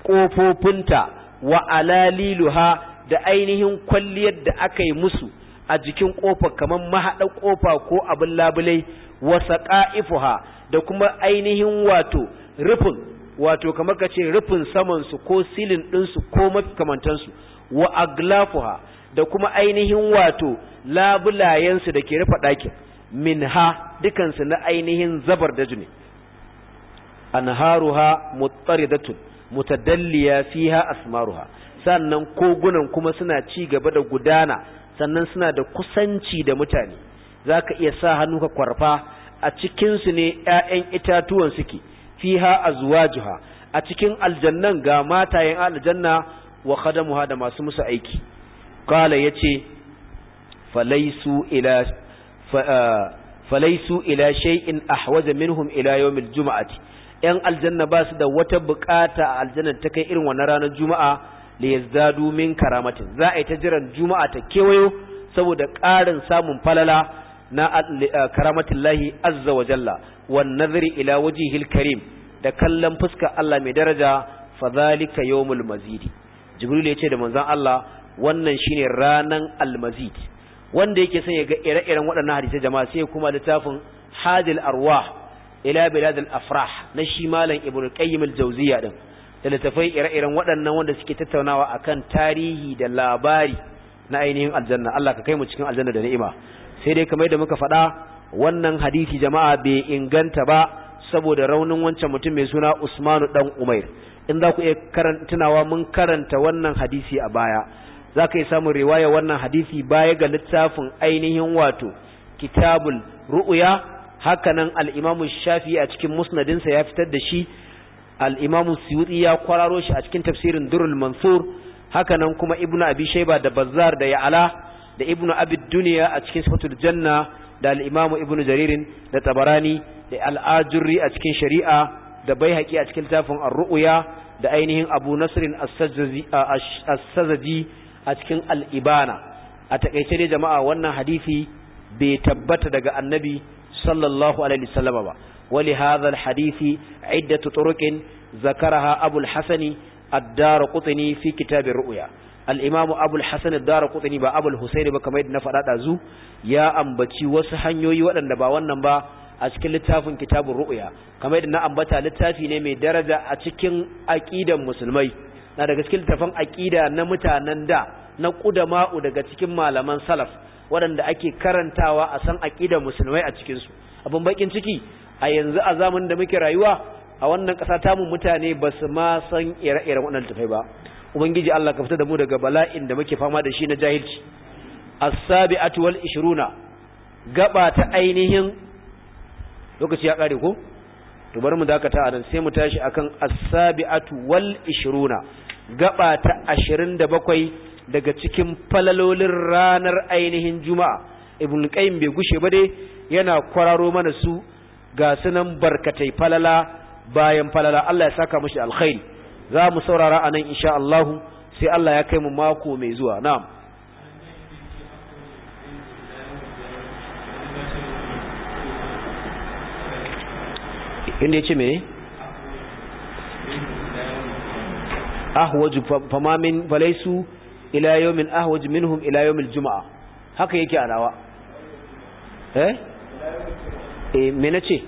kofofinta wa alaliluha da ainihin kwalliyar da aka yi musu a jikin kofar kamar mahaɗa kofa ko abin labulai wa saqaifuha da kuma ainihin wato rufin wato kamar ka ce rufin samansu ko silin ɗinsu ko mafikamantansu wa aglafuha da kuma ainihin wato labulayensu da ke rufe ɗakin min ha dukansu na ainihin zabar da jini anharuha muttaridatun mutadalliya fiha asmaruha sannan kogunan kuma suna ci gaba da gudana sannan suna da kusanci da mutane zaka iya sa hannu ka kwarfa a cikinsu ne 'ya'yan itatuwan suke fiha azwajuha a cikin aljannan ga matayen aljanna wa khadamuha da masu musu aiki kala yace falaisu ila falaisu ila shay'in ahwaja minhum ila yawmil ce yan aljanna ba su da wata bukata a aljanna ta kai irin wannan ranar juma'a li yazdadu min karamatin za a yi ta jiran juma'a ta kewayo saboda ƙarin samun falala na karamatillahi azza wa jalla wan nadhri ila wajhihil karim da kallon fuska Allah mai daraja fa zalika yawmul mazid jibril yace da manzon Allah wannan shine ranan almazid wanda yake son ya ga ire-iren waɗannan hadisai jama'a sai kuma littafin hadil arwah ila bilad al-afrah na shi malam ibnu qayyim al da littafai ire-iren waɗannan wanda suke tattaunawa akan tarihi da labari na ainihin aljanna Allah ka kai mu cikin aljanna da ni'ima sai dai kamar da muka faɗa wannan hadisi jama'a bai inganta ba saboda raunin wancan mutum mai suna Usmanu dan Umair in za ku iya karantunawa mun karanta wannan hadisi a baya za ka yi samun riwaya wannan hadisi baya ga littafin ainihin wato kitabul ru'uya hakanan al'imamu shafi a cikin musnadinsa ya fitar da shi al'imamu suyuti ya kwararo shi a cikin tafsirin durul mansur hakanan kuma Ibn abi shaiba da bazzar da ya'ala da Ibn abid duniya a cikin sifatul janna da al Ibn Jaririn da Tabarani da al-Ajurri a cikin shari'a da bai haƙi a cikin littafin ar da ainihin Abu Nasr asazaji a cikin al-Ibana a takeice dai jama'a wannan hadisi bai tabbata daga Annabi sallallahu alaihi wasallam ba wali hadha hadithi hadisi iddatu zakaraha Abu al-Hasani ad fi kitabin ru'uya. al-imamu abul hasan dara darqutni ba abul husaini ba kamar yadda na faɗaɗa zu ya ambaci wasu hanyoyi waɗanda ba wannan ba a cikin littafin kitabun Ru'uya kamar yadda na ambata littafi ne mai daraja a cikin aƙidan musulmai na daga cikin littafin aƙida na mutanen da na ƙudama'u daga cikin malaman salaf waɗanda ake karantawa a san aƙidan musulmai a cikinsu su abin bakin ciki a yanzu a zamanin da muke rayuwa a wannan ƙasa tamu mutane ba su ma san ire-iren waɗannan littafai ba ubangiji Allah ka fita da mu daga bala'in da muke fama da shi na jahilci as-sabi'atu wal ishruna gaba ta ainihin lokaci ya kare ko to bari mu dakata anan sai mu tashi akan as-sabi'atu wal ishruna gaba ta 27 daga cikin falalolin ranar ainihin juma'a ibn qayyim bai gushe ba dai yana kwararo mana su ga sunan barkatai falala bayan falala Allah ya saka mushi alkhairi za mu saurara a nan insha Allahu sai Allah ya kai mu mako mai zuwa na'am inda yace me ahwaju famamin min falaisu ila yawmin ahwaj minhum ila yawmil juma'a haka yake alawa eh eh me nace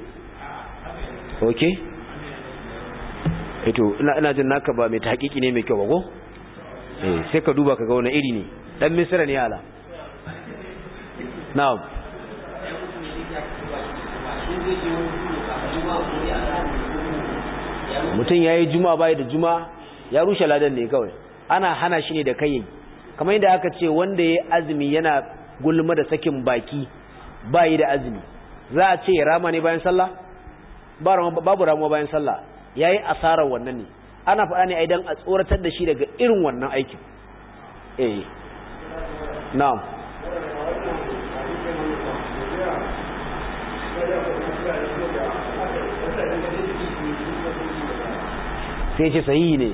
okay fito eh, ina jin naka ba mai tahqiqi ne mai kyau ba ko eh sai ka duba ga wani iri ne dan misira ne ala na'am mutum yayi juma'a bai da juma ya rushe ladan ne kawai ana hana shi ne da kai kamar yadda aka ce wanda yayi azumi yana gulma da sakin baki bai da azumi za a ce rama ne bayan sallah babu ramuwa bayan sallah yayi asarar wannan ne ana faɗa ne ai a tsoratar da shi daga irin wannan aikin eh na'am sai ce sahihi ne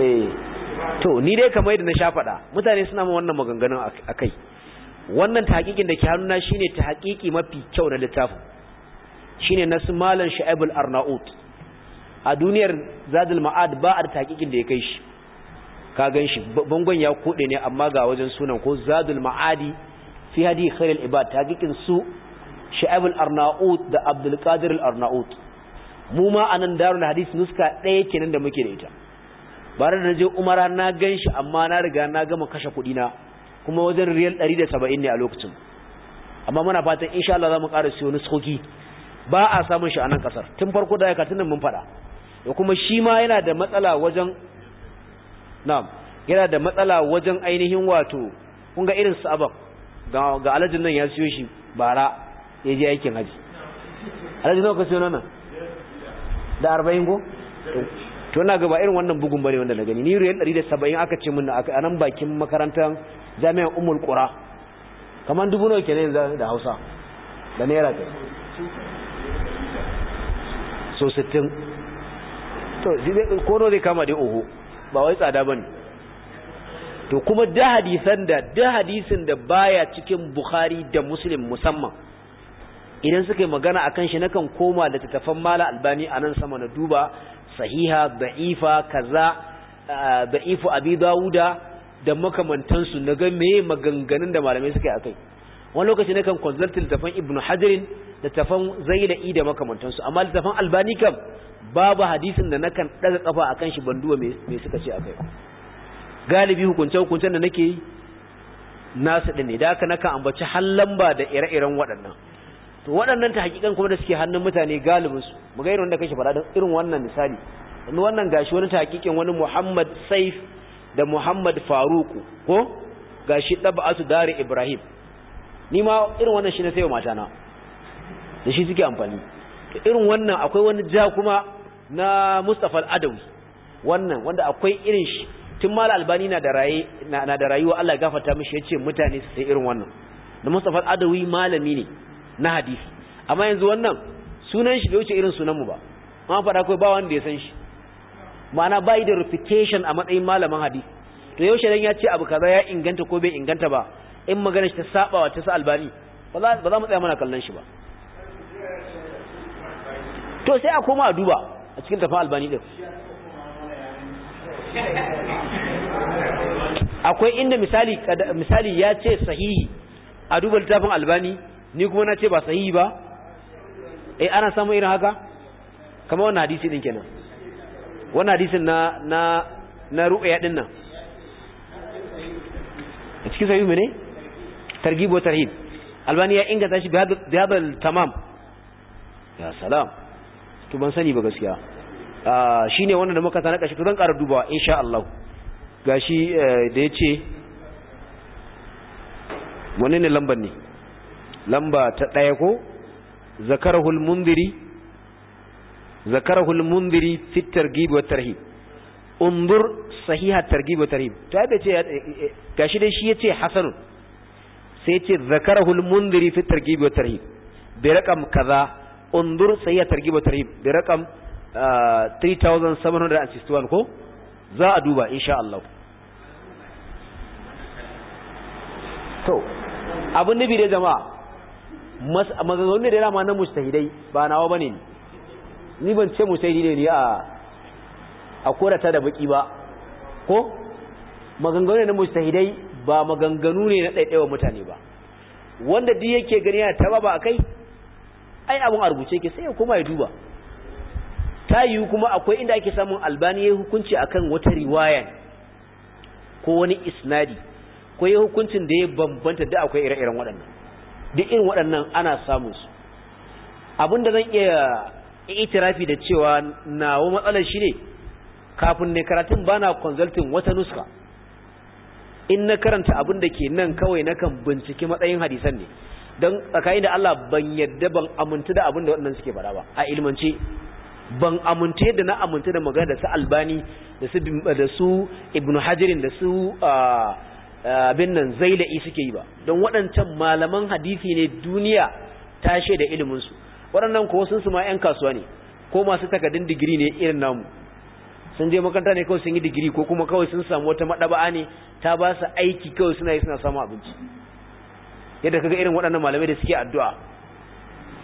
eh to ni dai kamar yadda na sha faɗa mutane suna ma wannan maganganun akai wannan hakikin da ke hannuna shine hakiki mafi kyau na littafin shine nasu malan sha'ibul arnaut a duniyar zadul ma'ad ba a da takikin da ya kai shi ka gan shi bangon ya kuɗe ne amma ga wajen sunan ko zadul ma'adi fi hadi khairul ibad takikin su sha'ibul arnaut da abdul qadir al arnaut mu ma anan darul hadis nuska ɗaya kenan da muke da ita ba da na je umara na gan amma na riga na gama kashe kuɗi na kuma wajen riyal 170 ne a lokacin amma muna fatan insha Allah za mu ƙara siyo nuskoki ba a samun shi a nan kasar tun farko da yakatun nan mun faɗa da kuma shi ma yana da matsala wajen na'am yana da matsala wajen ainihin wato kun ga irin sabab ga ga alajin nan ya siyo shi bara ya je aikin haji alajin nawa ka siyo nan da arba'in go to ina gaba irin wannan bugun bane wanda na gani ni riyal saba'in aka ce min a nan bakin makarantar jami'an ummul kaman dubu nawa kenan da Hausa da naira kaso 60 to zai kono zai kama da oho ba wai tsada bane to kuma da hadisan da da hadisin da baya cikin Bukhari da Muslim musamman idan suka yi magana akan shi na kan koma da tattafan mala albani nan sama na duba sahiha da'ifa kaza da'ifu abi dawuda da makamantansu na ga me maganganun da malamai suka yi akai wani lokaci nakan consult littafan ibnu da littafan zaina'i da makamantansu amma littafan albani kam babu hadisin da nakan daga kafa akan shi banduwa mai suka ce akai galibi hukunce hukuncen da nake yi nasu din ne da haka nakan ambaci lamba da ire-iren waɗannan to waɗannan ta hakikan kuma da suke hannun mutane galibin su mu ga irin wanda kake faɗa irin wannan misali yanzu wannan gashi wani ta hakikin wani Muhammad Saif da Muhammad Faruku ko gashi dab'atu Dari Ibrahim ni ma irin wannan shi na sayo mata na da shi suke amfani irin wannan akwai wani ja kuma na Mustapha al wannan wanda akwai irin shi tun mal albani na da rayuwa Allah gafata mashi ya ce mutane su sai irin wannan da Mustapha al malami ne na hadisi amma yanzu wannan sunan shi bai wuce irin sunan mu ba ma fada kai ba wanda ya san shi ma'ana bai da reputation a matsayin malamin hadisi to yaushe dan ya ce abu kaza ya inganta ko bai inganta ba in magana shi ta wa ta sa albani ba za mu tsaya mana kallon shi ba to sai a koma a duba a cikin tafa albani din akwai inda misali misali ya ce sahihi a duba littafin albani ni kuma na ce ba sahihi ba eh ana samu irin haka kamar wannan hadisi din kenan wannan hadisin na na na ru'aya din nan cikin sahihi ne targhib wa tarhib albani ya inganta shi bi hadal tamam ya salam to ban sani ba gaskiya ah, shine wannan da muka sana kashi to zan ƙara dubawa insha Allah gashi eh, da yace wani ne lambar ne lamba ta ɗaya ko zakarahul mundiri zakarahul mundiri fi targhib wa tarhib undur sahiha targhib wa tarhib to ya ce eh, eh, gashi dai shi yace hasanun sai ce zakarahul mundiri fi targhib wa tarhib bi raqam kaza undur sai ya targhib wa tarhib bi rakam 3761 ah, ko za a duba insha Allah to abin nabi da jama'a maganganun da rama na mustahidai ba nawa bane ni ban ce mustahidai ne a a korata da baki ba ko ne na mustahidai ba maganganu ne na ɗaiɗaiwa mutane ba wanda duk yake gani yana taba ba kai ai abun a rubuce ke sai ya ya duba ta yiwu kuma akwai inda ake samun albaniya ya hukunci akan wata riwaya ko wani isnadi ko ya hukuncin da ya bambanta da akwai ire-iren waɗannan duk irin waɗannan ana samun su abin da zan iya itirafi da cewa nawa matsalar shi ne kafin ne karatun bana consulting wata nuska in na karanta abin da ke nan kawai na kan binciki matsayin hadisan ne don tsakanin da Allah ban yadda ban amintu da abin da waɗannan suke faɗa ba a ilmance ban amintu yadda na amintu da magana da su albani da su da su ibnu hajirin da su abin nan zaila'i suke yi ba don waɗancan malaman hadisi ne duniya ta shaida ilimin waɗannan ko sun su ma 'yan kasuwa ne ko masu takardun digiri ne irin namu sun je makaranta ne kawai sun yi digiri ko kuma kawai sun samu wata madaba'a ne ta ba su aiki kawai suna yi suna samu abinci yadda kaga irin waɗannan malamai da suke addu'a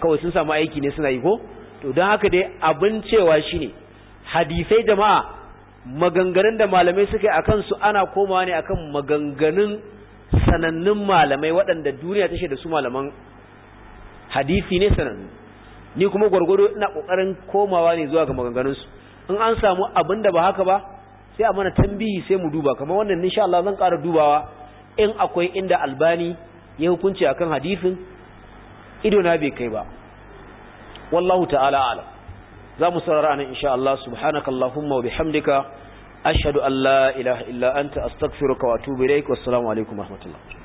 kawai sun samu aiki ne suna yi ko to don haka dai abin cewa shine hadisai jama'a maganganun da malamai suka yi a kansu ana komawa ne akan maganganun sanannun malamai waɗanda duniya ta da su malaman hadisi ne sanannu ni kuma gwargwado ina kokarin komawa ne zuwa ga maganganunsu in an samu abin da ba haka ba sai a mana tambihi sai mu duba kamar wannan insha Allah zan ƙara dubawa in akwai inda albani ya hukunci akan hadisin ido na bai kai ba wallahu ta'ala ala za mu saurara anan insha Allah subhanakallahumma wa bihamdika ashhadu an la ilaha illa anta astaghfiruka wa atubu ilaik wassalamu alaikum